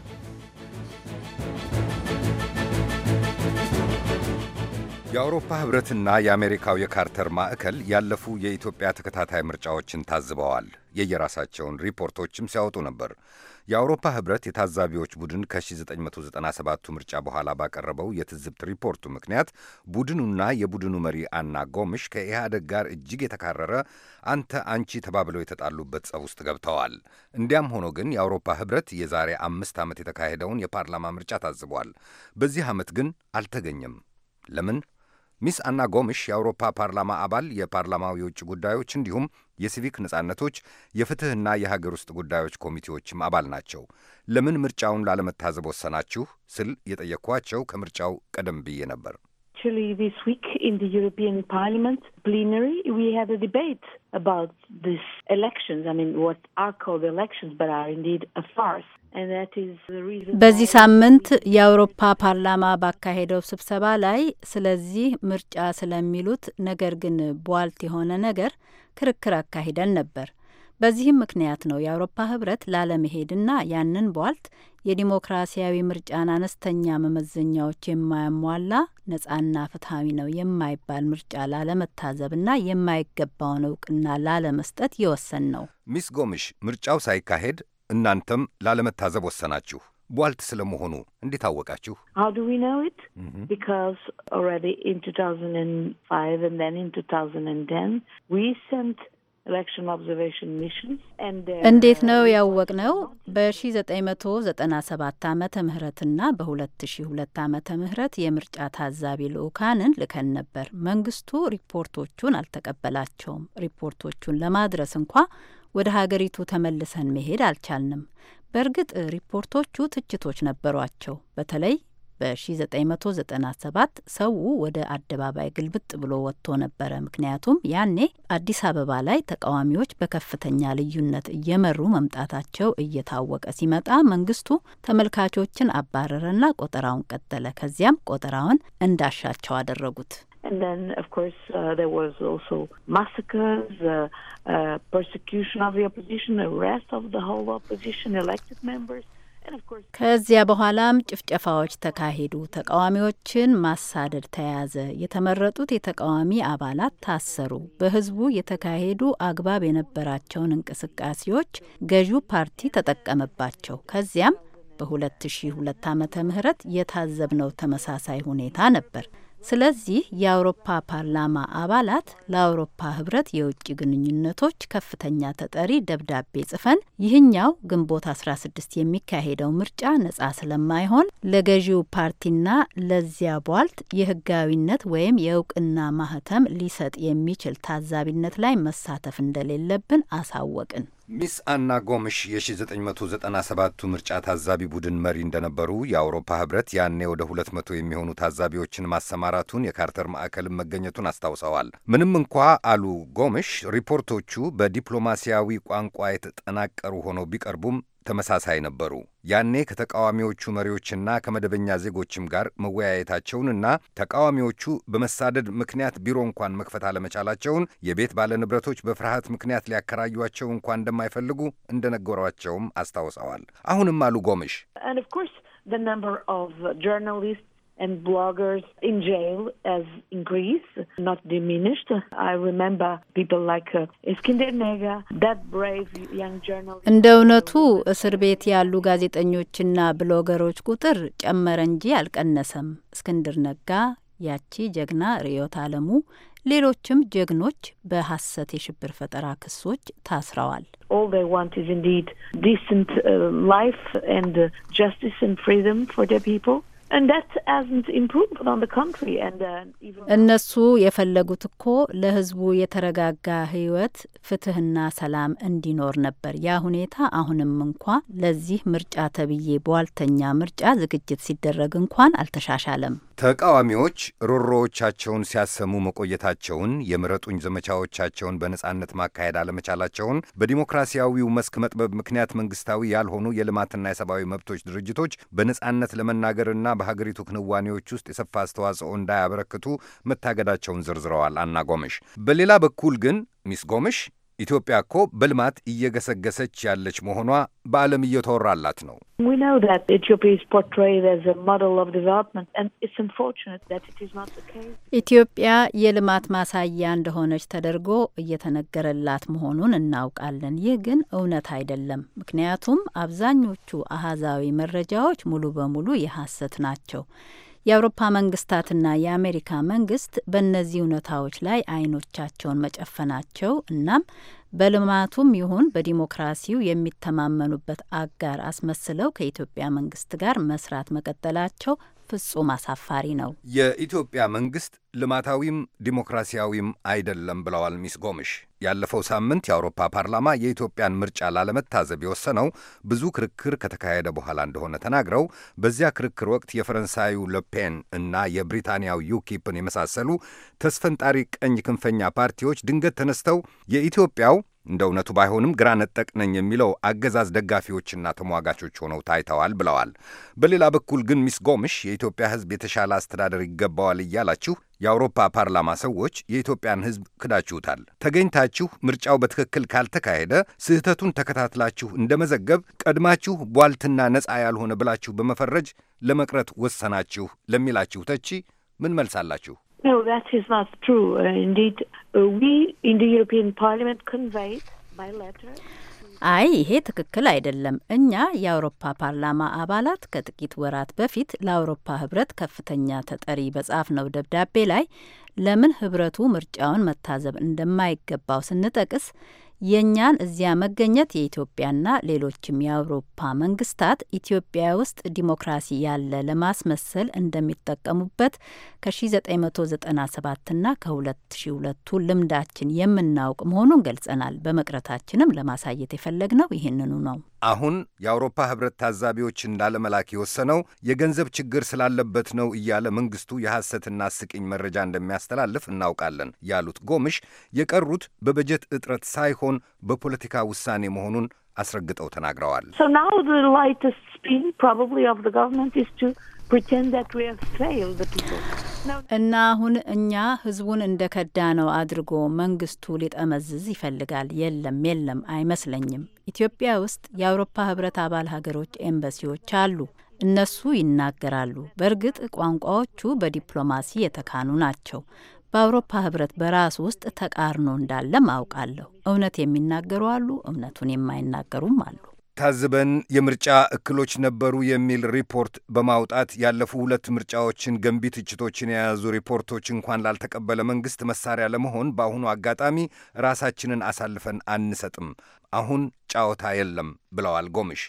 የአውሮፓ ህብረትና የአሜሪካው የካርተር ማዕከል ያለፉ የኢትዮጵያ ተከታታይ ምርጫዎችን ታዝበዋል። የየራሳቸውን ሪፖርቶችም ሲያወጡ ነበር። የአውሮፓ ህብረት የታዛቢዎች ቡድን ከ1997ቱ ምርጫ በኋላ ባቀረበው የትዝብት ሪፖርቱ ምክንያት ቡድኑና የቡድኑ መሪ አና ጎምሽ ከኢህአደግ ጋር እጅግ የተካረረ አንተ አንቺ ተባብለው የተጣሉበት ጸብ ውስጥ ገብተዋል። እንዲያም ሆኖ ግን የአውሮፓ ህብረት የዛሬ አምስት ዓመት የተካሄደውን የፓርላማ ምርጫ ታዝቧል። በዚህ ዓመት ግን አልተገኘም። ለምን? ሚስ አና ጎምሽ የአውሮፓ ፓርላማ አባል፣ የፓርላማው የውጭ ጉዳዮች እንዲሁም የሲቪክ ነጻነቶች የፍትህና የሀገር ውስጥ ጉዳዮች ኮሚቴዎችም አባል ናቸው። ለምን ምርጫውን ላለመታዘብ ወሰናችሁ ስል የጠየኳቸው ከምርጫው ቀደም ብዬ ነበር። በዚህ ሳምንት የአውሮፓ ፓርላማ ባካሄደው ስብሰባ ላይ ስለዚህ ምርጫ ስለሚሉት ነገር ግን ቧልት የሆነ ነገር ክርክር አካሂደን ነበር። በዚህም ምክንያት ነው የአውሮፓ ህብረት ላለመሄድና ያንን ቧልት የዲሞክራሲያዊ ምርጫን አነስተኛ መመዘኛዎች የማያሟላ ነጻና ፍትሐዊ ነው የማይባል ምርጫ ላለመታዘብና የማይገባውን እውቅና ላለመስጠት የወሰን ነው። ሚስ ጎምሽ ምርጫው ሳይካሄድ እናንተም ላለመታዘብ ወሰናችሁ። ቧልት ስለመሆኑ እንዴት አወቃችሁ? እንዴት ነው ያወቅነው? በ1997 ዓመተ ምህረትና በ2002 ዓመተ ምህረት የምርጫ ታዛቢ ልዑካንን ልከን ነበር። መንግስቱ ሪፖርቶቹን አልተቀበላቸውም። ሪፖርቶቹን ለማድረስ እንኳ ወደ ሀገሪቱ ተመልሰን መሄድ አልቻልንም። በእርግጥ ሪፖርቶቹ ትችቶች ነበሯቸው። በተለይ በ1997 ሰው ወደ አደባባይ ግልብጥ ብሎ ወጥቶ ነበረ። ምክንያቱም ያኔ አዲስ አበባ ላይ ተቃዋሚዎች በከፍተኛ ልዩነት እየመሩ መምጣታቸው እየታወቀ ሲመጣ መንግስቱ ተመልካቾችን አባረረና ቆጠራውን ቀጠለ። ከዚያም ቆጠራውን እንዳሻቸው አደረጉት። And then, of course, uh, there was also massacres, uh, uh, persecution of the opposition, arrest of the whole opposition, elected members. ከዚያ በኋላም ጭፍጨፋዎች ተካሄዱ። ተቃዋሚዎችን ማሳደድ ተያዘ። የተመረጡት የተቃዋሚ አባላት ታሰሩ። በህዝቡ የተካሄዱ አግባብ የነበራቸውን እንቅስቃሴዎች ገዢው ፓርቲ ተጠቀመባቸው። ከዚያም በ2002 ዓ ምህረት የታዘብነው ተመሳሳይ ሁኔታ ነበር። ስለዚህ የአውሮፓ ፓርላማ አባላት ለአውሮፓ ህብረት የውጭ ግንኙነቶች ከፍተኛ ተጠሪ ደብዳቤ ጽፈን ይህኛው ግንቦት 16 የሚካሄደው ምርጫ ነጻ ስለማይሆን ለገዢው ፓርቲና ለዚያ ቧልት የህጋዊነት ወይም የእውቅና ማህተም ሊሰጥ የሚችል ታዛቢነት ላይ መሳተፍ እንደሌለብን አሳወቅን። ሚስ አና ጎምሽ የ1997ቱ ምርጫ ታዛቢ ቡድን መሪ እንደነበሩ የአውሮፓ ህብረት ያኔ ወደ ሁለት መቶ የሚሆኑ ታዛቢዎችን ማሰማራቱን የካርተር ማዕከልን መገኘቱን አስታውሰዋል። ምንም እንኳ አሉ ጎምሽ ሪፖርቶቹ በዲፕሎማሲያዊ ቋንቋ የተጠናቀሩ ሆነው ቢቀርቡም ተመሳሳይ ነበሩ። ያኔ ከተቃዋሚዎቹ መሪዎችና ከመደበኛ ዜጎችም ጋር መወያየታቸውንና ተቃዋሚዎቹ በመሳደድ ምክንያት ቢሮ እንኳን መክፈት አለመቻላቸውን የቤት ባለንብረቶች በፍርሃት ምክንያት ሊያከራዩቸው እንኳን እንደማይፈልጉ እንደነገሯቸውም አስታውሰዋል። አሁንም አሉ ጎምሽ and bloggers in jail as in Greece, not diminished. I remember people like Eskinder Nega, that brave young journalist. እንደ እውነቱ እስር ቤት ያሉ ጋዜጠኞችና ብሎገሮች ቁጥር ጨመረ እንጂ አልቀነሰም። እስክንድር ነጋ፣ ያቺ ጀግና ርዕዮት አለሙ፣ ሌሎችም ጀግኖች በሐሰት የሽብር ፈጠራ ክሶች ታስረዋል። all they want is indeed decent uh, life and uh, justice and freedom for their people. Uh, እነሱ የፈለጉት እኮ ለህዝቡ የተረጋጋ ህይወት ፍትህና ሰላም እንዲኖር ነበር። ያ ሁኔታ አሁንም እንኳ ለዚህ ምርጫ ተብዬ በዋልተኛ ምርጫ ዝግጅት ሲደረግ እንኳን አልተሻሻለም። ተቃዋሚዎች ሮሮዎቻቸውን ሲያሰሙ መቆየታቸውን፣ የምረጡኝ ዘመቻዎቻቸውን በነጻነት ማካሄድ አለመቻላቸውን፣ በዲሞክራሲያዊው መስክ መጥበብ ምክንያት መንግስታዊ ያልሆኑ የልማትና የሰብአዊ መብቶች ድርጅቶች በነጻነት ለመናገርና በሀገሪቱ ክንዋኔዎች ውስጥ የሰፋ አስተዋጽኦ እንዳያበረክቱ መታገዳቸውን ዘርዝረዋል አና ጎምሽ። በሌላ በኩል ግን ሚስ ጎምሽ ኢትዮጵያ እኮ በልማት እየገሰገሰች ያለች መሆኗ በዓለም እየተወራላት ነው። ኢትዮጵያ የልማት ማሳያ እንደሆነች ተደርጎ እየተነገረላት መሆኑን እናውቃለን። ይህ ግን እውነት አይደለም። ምክንያቱም አብዛኞቹ አሃዛዊ መረጃዎች ሙሉ በሙሉ የሐሰት ናቸው። የአውሮፓ መንግስታትና የአሜሪካ መንግስት በእነዚህ እውነታዎች ላይ አይኖቻቸውን መጨፈናቸው እናም በልማቱም ይሁን በዲሞክራሲው የሚተማመኑበት አጋር አስመስለው ከኢትዮጵያ መንግስት ጋር መስራት መቀጠላቸው ፍጹም አሳፋሪ ነው። የኢትዮጵያ መንግስት ልማታዊም ዲሞክራሲያዊም አይደለም ብለዋል ሚስ ጎምሽ። ያለፈው ሳምንት የአውሮፓ ፓርላማ የኢትዮጵያን ምርጫ ላለመታዘብ የወሰነው ብዙ ክርክር ከተካሄደ በኋላ እንደሆነ ተናግረው በዚያ ክርክር ወቅት የፈረንሳዩ ለፔን እና የብሪታንያው ዩኪፕን የመሳሰሉ ተስፈንጣሪ ቀኝ ክንፈኛ ፓርቲዎች ድንገት ተነስተው የኢትዮጵያው እንደ እውነቱ ባይሆንም ግራ ነጠቅ ነኝ የሚለው አገዛዝ ደጋፊዎችና ተሟጋቾች ሆነው ታይተዋል ብለዋል። በሌላ በኩል ግን ሚስ ጎምሽ የኢትዮጵያ ሕዝብ የተሻለ አስተዳደር ይገባዋል እያላችሁ የአውሮፓ ፓርላማ ሰዎች የኢትዮጵያን ሕዝብ ክዳችሁታል። ተገኝታችሁ ምርጫው በትክክል ካልተካሄደ ስህተቱን ተከታትላችሁ እንደ መዘገብ ቀድማችሁ ቧልትና ነፃ ያልሆነ ብላችሁ በመፈረጅ ለመቅረት ወሰናችሁ ለሚላችሁ ተቺ ምን መልሳላችሁ? No, that is not true. Uh, Indeed, uh, we in the European Parliament conveyed by letter. አይ ይሄ ትክክል አይደለም። እኛ የአውሮፓ ፓርላማ አባላት ከጥቂት ወራት በፊት ለአውሮፓ ህብረት ከፍተኛ ተጠሪ በጻፍነው ደብዳቤ ላይ ለምን ህብረቱ ምርጫውን መታዘብ እንደማይገባው ስንጠቅስ የእኛን እዚያ መገኘት የኢትዮጵያና ሌሎችም የአውሮፓ መንግስታት ኢትዮጵያ ውስጥ ዲሞክራሲ ያለ ለማስመሰል እንደሚጠቀሙበት ከ1997ና ከ2002ቱ ልምዳችን የምናውቅ መሆኑን ገልጸናል። በመቅረታችንም ለማሳየት የፈለግነው ይህንኑ ነው። አሁን የአውሮፓ ህብረት ታዛቢዎችን ላለመላክ የወሰነው የገንዘብ ችግር ስላለበት ነው እያለ መንግስቱ የሐሰትና ስቅኝ መረጃ እንደሚያስተላልፍ እናውቃለን ያሉት ጎምሽ የቀሩት በበጀት እጥረት ሳይሆን በፖለቲካ ውሳኔ መሆኑን አስረግጠው ተናግረዋል። እና አሁን እኛ ህዝቡን እንደከዳ ነው አድርጎ መንግስቱ ሊጠመዝዝ ይፈልጋል። የለም የለም፣ አይመስለኝም ኢትዮጵያ ውስጥ የአውሮፓ ህብረት አባል ሀገሮች ኤምባሲዎች አሉ። እነሱ ይናገራሉ። በእርግጥ ቋንቋዎቹ በዲፕሎማሲ የተካኑ ናቸው። በአውሮፓ ህብረት በራስ ውስጥ ተቃርኖ እንዳለም አውቃለሁ። እውነት የሚናገሩ አሉ፣ እውነቱን የማይናገሩም አሉ። ታዝበን የምርጫ እክሎች ነበሩ የሚል ሪፖርት በማውጣት ያለፉ ሁለት ምርጫዎችን ገንቢ ትችቶችን የያዙ ሪፖርቶች እንኳን ላልተቀበለ መንግስት መሳሪያ ለመሆን በአሁኑ አጋጣሚ ራሳችንን አሳልፈን አንሰጥም። አሁን ጫወታ የለም ብለዋል ጎምሽ።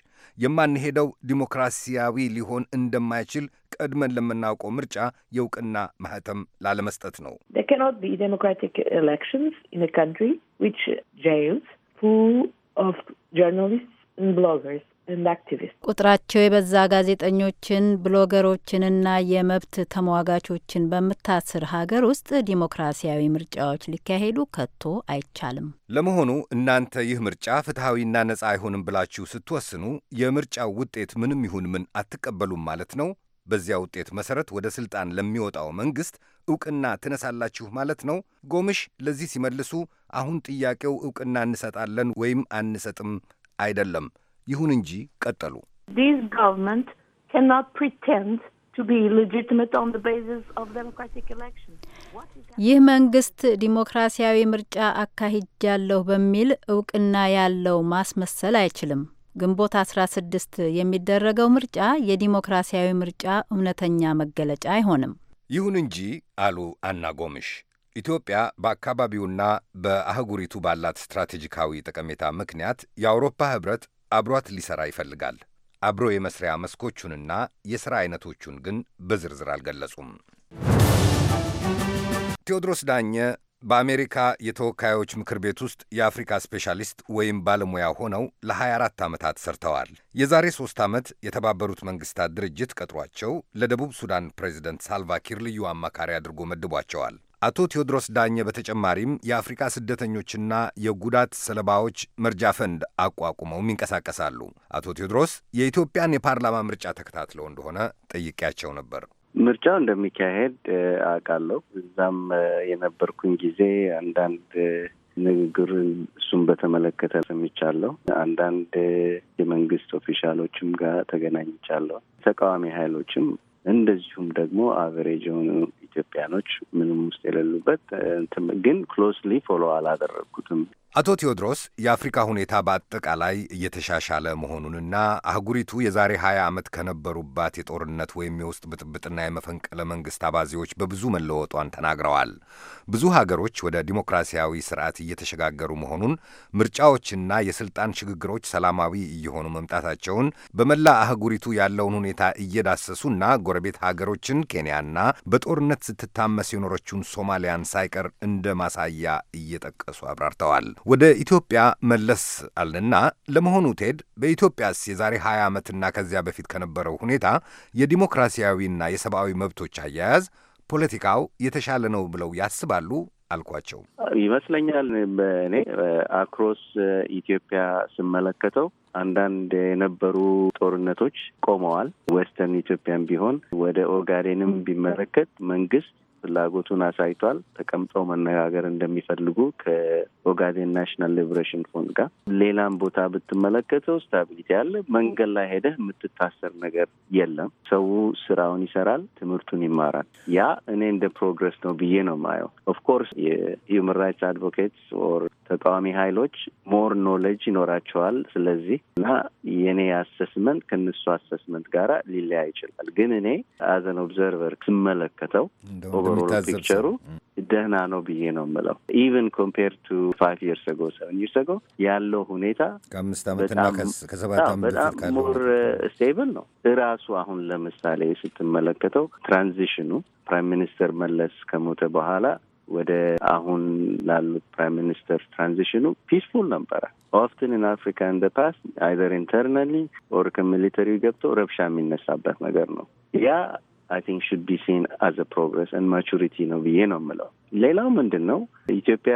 የማንሄደው ዲሞክራሲያዊ ሊሆን እንደማይችል ቀድመን ለምናውቀው ምርጫ የእውቅና ማህተም ላለመስጠት ነው። ሎ። ቁጥራቸው የበዛ ጋዜጠኞችን ብሎገሮችንና የመብት ተሟጋቾችን በምታስር ሀገር ውስጥ ዲሞክራሲያዊ ምርጫዎች ሊካሄዱ ከቶ አይቻልም። ለመሆኑ እናንተ ይህ ምርጫ ፍትሐዊና ነጻ አይሆንም ብላችሁ ስትወስኑ የምርጫው ውጤት ምንም ይሁን ምን አትቀበሉም ማለት ነው? በዚያ ውጤት መሰረት ወደ ስልጣን ለሚወጣው መንግስት እውቅና ትነሳላችሁ ማለት ነው? ጎምሽ ለዚህ ሲመልሱ አሁን ጥያቄው እውቅና እንሰጣለን ወይም አንሰጥም አይደለም ይሁን እንጂ ቀጠሉ ይህ መንግስት ዲሞክራሲያዊ ምርጫ አካሂጃለሁ በሚል እውቅና ያለው ማስመሰል አይችልም። ግንቦት 16 የሚደረገው ምርጫ የዲሞክራሲያዊ ምርጫ እውነተኛ መገለጫ አይሆንም። ይሁን እንጂ አሉ አና ጎምሽ፣ ኢትዮጵያ በአካባቢውና በአህጉሪቱ ባላት ስትራቴጂካዊ ጠቀሜታ ምክንያት የአውሮፓ ህብረት አብሯት ሊሰራ ይፈልጋል። አብሮ የመስሪያ መስኮቹንና የሥራ አይነቶቹን ግን በዝርዝር አልገለጹም። ቴዎድሮስ ዳኘ በአሜሪካ የተወካዮች ምክር ቤት ውስጥ የአፍሪካ ስፔሻሊስት ወይም ባለሙያ ሆነው ለ24 ዓመታት ሰርተዋል። የዛሬ ሦስት ዓመት የተባበሩት መንግሥታት ድርጅት ቀጥሯቸው ለደቡብ ሱዳን ፕሬዚደንት ሳልቫኪር ልዩ አማካሪ አድርጎ መድቧቸዋል። አቶ ቴዎድሮስ ዳኘ በተጨማሪም የአፍሪካ ስደተኞችና የጉዳት ሰለባዎች መርጃ ፈንድ አቋቁመውም ይንቀሳቀሳሉ። አቶ ቴዎድሮስ የኢትዮጵያን የፓርላማ ምርጫ ተከታትለው እንደሆነ ጠይቄያቸው ነበር። ምርጫው እንደሚካሄድ አውቃለሁ። እዛም የነበርኩኝ ጊዜ አንዳንድ ንግግር እሱን በተመለከተ ሰምቻለሁ። አንዳንድ የመንግስት ኦፊሻሎችም ጋር ተገናኝቻለሁ። ተቃዋሚ ኃይሎችም እንደዚሁም ደግሞ አቨሬጅ የሆኑ ኢትዮጵያኖች ምንም ውስጥ የሌሉበት ግን ክሎስሊ ፎሎ አላደረግኩትም። አቶ ቴዎድሮስ የአፍሪካ ሁኔታ በአጠቃላይ እየተሻሻለ መሆኑንና አህጉሪቱ የዛሬ 20 ዓመት ከነበሩባት የጦርነት ወይም የውስጥ ብጥብጥና የመፈንቅለ መንግሥት አባዜዎች በብዙ መለወጧን ተናግረዋል። ብዙ ሀገሮች ወደ ዲሞክራሲያዊ ስርዓት እየተሸጋገሩ መሆኑን፣ ምርጫዎችና የስልጣን ሽግግሮች ሰላማዊ እየሆኑ መምጣታቸውን፣ በመላ አህጉሪቱ ያለውን ሁኔታ እየዳሰሱና ጎረቤት ሀገሮችን ኬንያና በጦርነት ስትታመስ የኖረችውን ሶማሊያን ሳይቀር እንደ ማሳያ እየጠቀሱ አብራርተዋል። ወደ ኢትዮጵያ መለስ አልንና ለመሆኑ ቴድ በኢትዮጵያስ የዛሬ 20 ዓመትና ከዚያ በፊት ከነበረው ሁኔታ የዲሞክራሲያዊና የሰብአዊ መብቶች አያያዝ ፖለቲካው የተሻለ ነው ብለው ያስባሉ? አልኳቸው። ይመስለኛል በእኔ አክሮስ ኢትዮጵያ ስመለከተው አንዳንድ የነበሩ ጦርነቶች ቆመዋል። ዌስተርን ኢትዮጵያን ቢሆን ወደ ኦጋዴንም ቢመለከት መንግስት ፍላጎቱን አሳይቷል። ተቀምጠው መነጋገር እንደሚፈልጉ ከኦጋዴን ናሽናል ሊብሬሽን ፎንድ ጋር። ሌላም ቦታ ብትመለከተው ስታቢሊቲ አለ። መንገድ ላይ ሄደህ የምትታሰር ነገር የለም። ሰው ስራውን ይሰራል፣ ትምህርቱን ይማራል። ያ እኔ እንደ ፕሮግረስ ነው ብዬ ነው የማየው። ኦፍኮርስ የሁመን ራይትስ አድቮኬትስ ኦር ተቃዋሚ ሀይሎች ሞር ኖሌጅ ይኖራቸዋል። ስለዚህ እና የእኔ አሰስመንት ከእነሱ አሰስመንት ጋር ሊለያይ ይችላል። ግን እኔ አዘን ኦብዘርቨር ስመለከተው ኦቨሮል ፒክቸሩ ደህና ነው ብዬ ነው የምለው። ኢቨን ኮምፔር ቱ ፋይቭ ይርስ ሰጎ ሰቨን ይርስ ሰጎ ያለው ሁኔታ ከአምስት ዓመትና ከሰባት ዓመት በጣም ሞር ስቴብል ነው። እራሱ አሁን ለምሳሌ ስትመለከተው ትራንዚሽኑ ፕራይም ሚኒስተር መለስ ከሞተ በኋላ ወደ አሁን ላሉት ፕራይም ሚኒስተር ትራንዚሽኑ ፒስፉል ነበረ። ኦፍትን ኢን አፍሪካ እንደ ፓስ አይዘር ኢንተርናሊ ኦር ከሚሊተሪ ገብቶ ረብሻ የሚነሳበት ነገር ነው። ያ አይ ቲንክ ሹድ ቢ ሲን አዘ ፕሮግረስ ን ማቹሪቲ ነው ብዬ ነው የምለው። ሌላው ምንድን ነው ኢትዮጵያ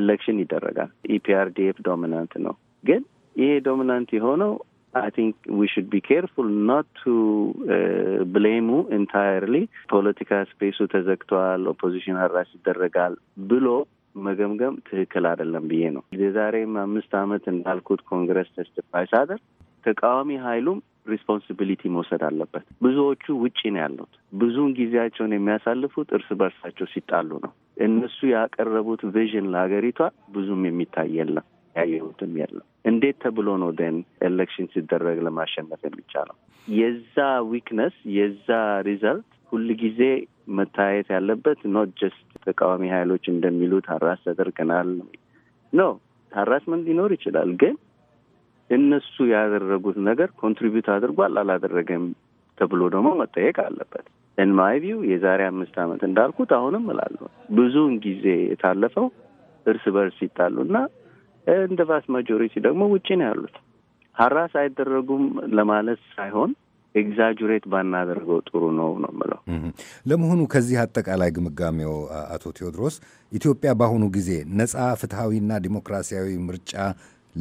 ኤሌክሽን ይደረጋል። ኢፒአርዲኤፍ ዶሚናንት ነው ግን ይሄ ዶሚናንት የሆነው I think we should be careful not to uh, blame entirely political space ፖለቲካ actual opposition arrest the regal below መገምገም ትክክል አይደለም ብዬ ነው። የዛሬም አምስት ዓመት እንዳልኩት ኮንግረስ ተስፋ ሳደር ተቃዋሚ ሀይሉም ሪስፖንሲቢሊቲ መውሰድ አለበት። ብዙዎቹ ውጪ ነው ያሉት። ብዙውን ጊዜያቸውን የሚያሳልፉት እርስ በርሳቸው ሲጣሉ ነው። እነሱ ያቀረቡት ቪዥን ለሀገሪቷ ብዙም የሚታይ የለም። ያየሁትም የለም። እንዴት ተብሎ ነው ደን ኤሌክሽን ሲደረግ ለማሸነፍ የሚቻለው? የዛ ዊክነስ የዛ ሪዘልት ጊዜ መታየት ያለበት ኖት ጀስት ተቃዋሚ ሀይሎች እንደሚሉት አራስ ተደርገናል ኖ ሀራስመንት ሊኖር ይችላል፣ ግን እነሱ ያደረጉት ነገር ኮንትሪቢዩት አድርጓል አላደረገም ተብሎ ደግሞ መጠየቅ አለበት። እንማይ ቪው የዛሬ አምስት ዓመት እንዳልኩት አሁንም እላለሁ ብዙውን ጊዜ የታለፈው እርስ በርስ ይጣሉና እንደ ቫስ ማጆሪቲ ደግሞ ውጭ ነው ያሉት። ሀራስ አይደረጉም ለማለት ሳይሆን ኤግዛጁሬት ባናደርገው ጥሩ ነው ነው ምለው። ለመሆኑ ከዚህ አጠቃላይ ግምጋሜው አቶ ቴዎድሮስ ኢትዮጵያ በአሁኑ ጊዜ ነጻ ፍትሐዊና ዲሞክራሲያዊ ምርጫ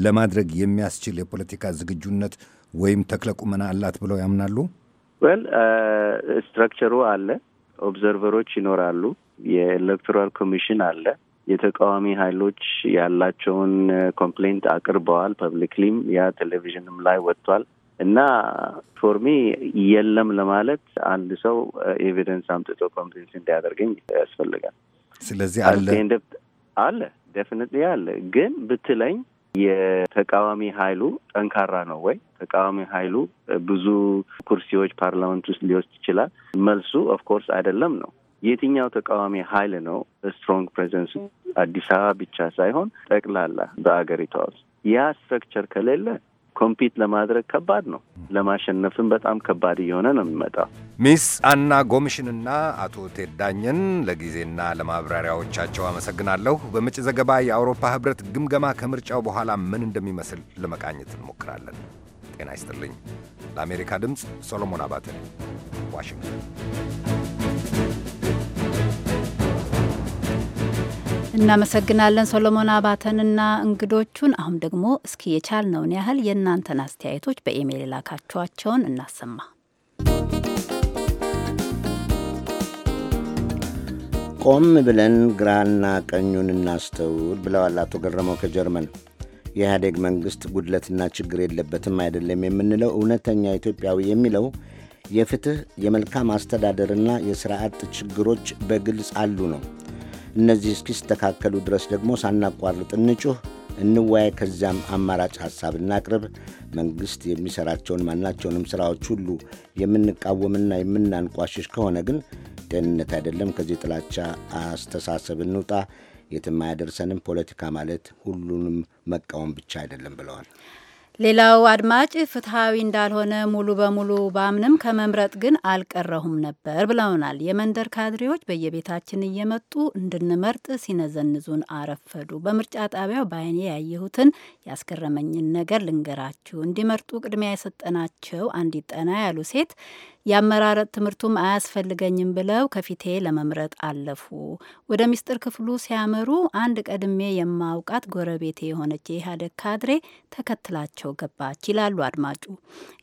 ለማድረግ የሚያስችል የፖለቲካ ዝግጁነት ወይም ተክለቁመና አላት ብለው ያምናሉ? ወል ስትራክቸሩ uh, አለ፣ ኦብዘርቨሮች ይኖራሉ፣ የኤሌክቶራል ኮሚሽን አለ፣ የተቃዋሚ ኃይሎች ያላቸውን ኮምፕሌንት አቅርበዋል። ፐብሊክሊም ያ ቴሌቪዥንም ላይ ወጥቷል እና ፎርሚ የለም ለማለት አንድ ሰው ኤቪደንስ አምጥቶ ኮምፕሌንት እንዲያደርገኝ ያስፈልጋል። ስለዚህ አለ አለ ዴፊኒትሊ አለ። ግን ብትለኝ የተቃዋሚ ኃይሉ ጠንካራ ነው ወይ? ተቃዋሚ ኃይሉ ብዙ ኩርሲዎች ፓርላመንት ውስጥ ሊወስድ ይችላል? መልሱ ኦፍኮርስ አይደለም ነው። የትኛው ተቃዋሚ ኃይል ነው ስትሮንግ ፕሬዘንስ አዲስ አበባ ብቻ ሳይሆን ጠቅላላ በአገሪቷ ውስጥ ያ ስትረክቸር ከሌለ ኮምፒት ለማድረግ ከባድ ነው። ለማሸነፍም በጣም ከባድ እየሆነ ነው የሚመጣው። ሚስ አና ጎምሽንና አቶ ቴዳኝን ለጊዜና ለማብራሪያዎቻቸው አመሰግናለሁ። በመጪ ዘገባ የአውሮፓ ህብረት ግምገማ ከምርጫው በኋላ ምን እንደሚመስል ለመቃኘት እንሞክራለን። ጤና ይስጥልኝ። ለአሜሪካ ድምፅ ሶሎሞን አባተ ዋሽንግተን እናመሰግናለን ሶሎሞን አባተንና እንግዶቹን። አሁን ደግሞ እስኪ የቻልነውን ያህል የእናንተን አስተያየቶች በኢሜይል የላካችኋቸውን እናሰማ። ቆም ብለን ግራና ቀኙን እናስተውል ብለዋል አቶ ገረመው ከጀርመን። የኢህአዴግ መንግሥት ጉድለትና ችግር የለበትም አይደለም የምንለው እውነተኛ ኢትዮጵያዊ የሚለው የፍትሕ የመልካም አስተዳደርና የሥርዓት ችግሮች በግልጽ አሉ ነው። እነዚህ እስኪስተካከሉ ድረስ ደግሞ ሳናቋርጥ እንጩህ፣ እንወያይ፣ ከዚያም አማራጭ ሐሳብ እናቅርብ። መንግሥት የሚሠራቸውን ማናቸውንም ሥራዎች ሁሉ የምንቃወምና የምናንቋሽሽ ከሆነ ግን ጤንነት አይደለም። ከዚህ ጥላቻ አስተሳሰብ እንውጣ። የትም አያደርሰንም። ፖለቲካ ማለት ሁሉንም መቃወም ብቻ አይደለም ብለዋል። ሌላው አድማጭ ፍትሐዊ እንዳልሆነ ሙሉ በሙሉ ባምንም ከመምረጥ ግን አልቀረሁም ነበር ብለውናል። የመንደር ካድሬዎች በየቤታችን እየመጡ እንድንመርጥ ሲነዘንዙን አረፈዱ። በምርጫ ጣቢያው በአይኔ ያየሁትን ያስገረመኝን ነገር ልንገራችሁ። እንዲመርጡ ቅድሚያ የሰጠናቸው አንዲት ጠና ያሉ ሴት የአመራረጥ ትምህርቱም አያስፈልገኝም ብለው ከፊቴ ለመምረጥ አለፉ። ወደ ሚስጥር ክፍሉ ሲያመሩ አንድ ቀድሜ የማውቃት ጎረቤቴ የሆነች የኢህአዴግ ካድሬ ተከትላቸው ገባች ይላሉ አድማጩ።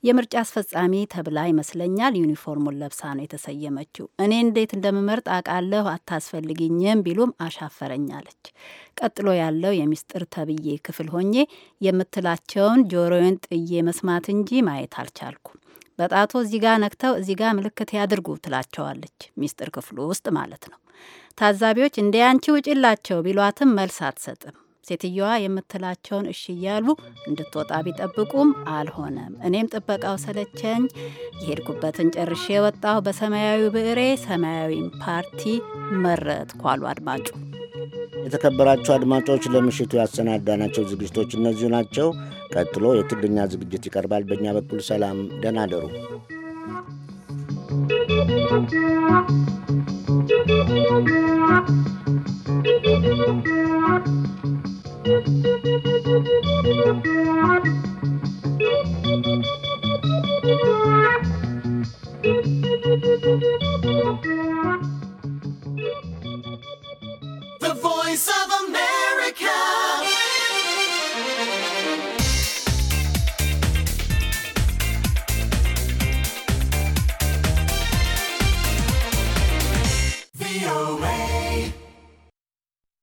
የምርጫ አስፈጻሚ ተብላ ይመስለኛል ዩኒፎርሙን ለብሳ ነው የተሰየመችው። እኔ እንዴት እንደምመርጥ አውቃለሁ፣ አታስፈልግኝም ቢሉም አሻፈረኝ አለች። ቀጥሎ ያለው የሚስጥር ተብዬ ክፍል ሆኜ የምትላቸውን ጆሮዬን ጥዬ መስማት እንጂ ማየት አልቻልኩም። በጣቶ እዚህ ጋር ነክተው እዚህ ጋር ምልክት ያድርጉ ትላቸዋለች። ሚስጥር ክፍሉ ውስጥ ማለት ነው። ታዛቢዎች እንደ ያንቺ ውጭላቸው ቢሏትም መልስ አትሰጥም። ሴትየዋ የምትላቸውን እሺ እያሉ እንድትወጣ ቢጠብቁም አልሆነም። እኔም ጥበቃው ሰለቸኝ፣ የሄድኩበትን ጨርሼ የወጣሁ በሰማያዊ ብዕሬ ሰማያዊን ፓርቲ መረጥኩ አሉ አድማጩ። የተከበራችሁ አድማጮች ለምሽቱ ያሰናዳናቸው ዝግጅቶች እነዚሁ ናቸው። ቀጥሎ የትግርኛ ዝግጅት ይቀርባል። በእኛ በኩል ሰላም፣ ደህና አደሩ። The Voice of America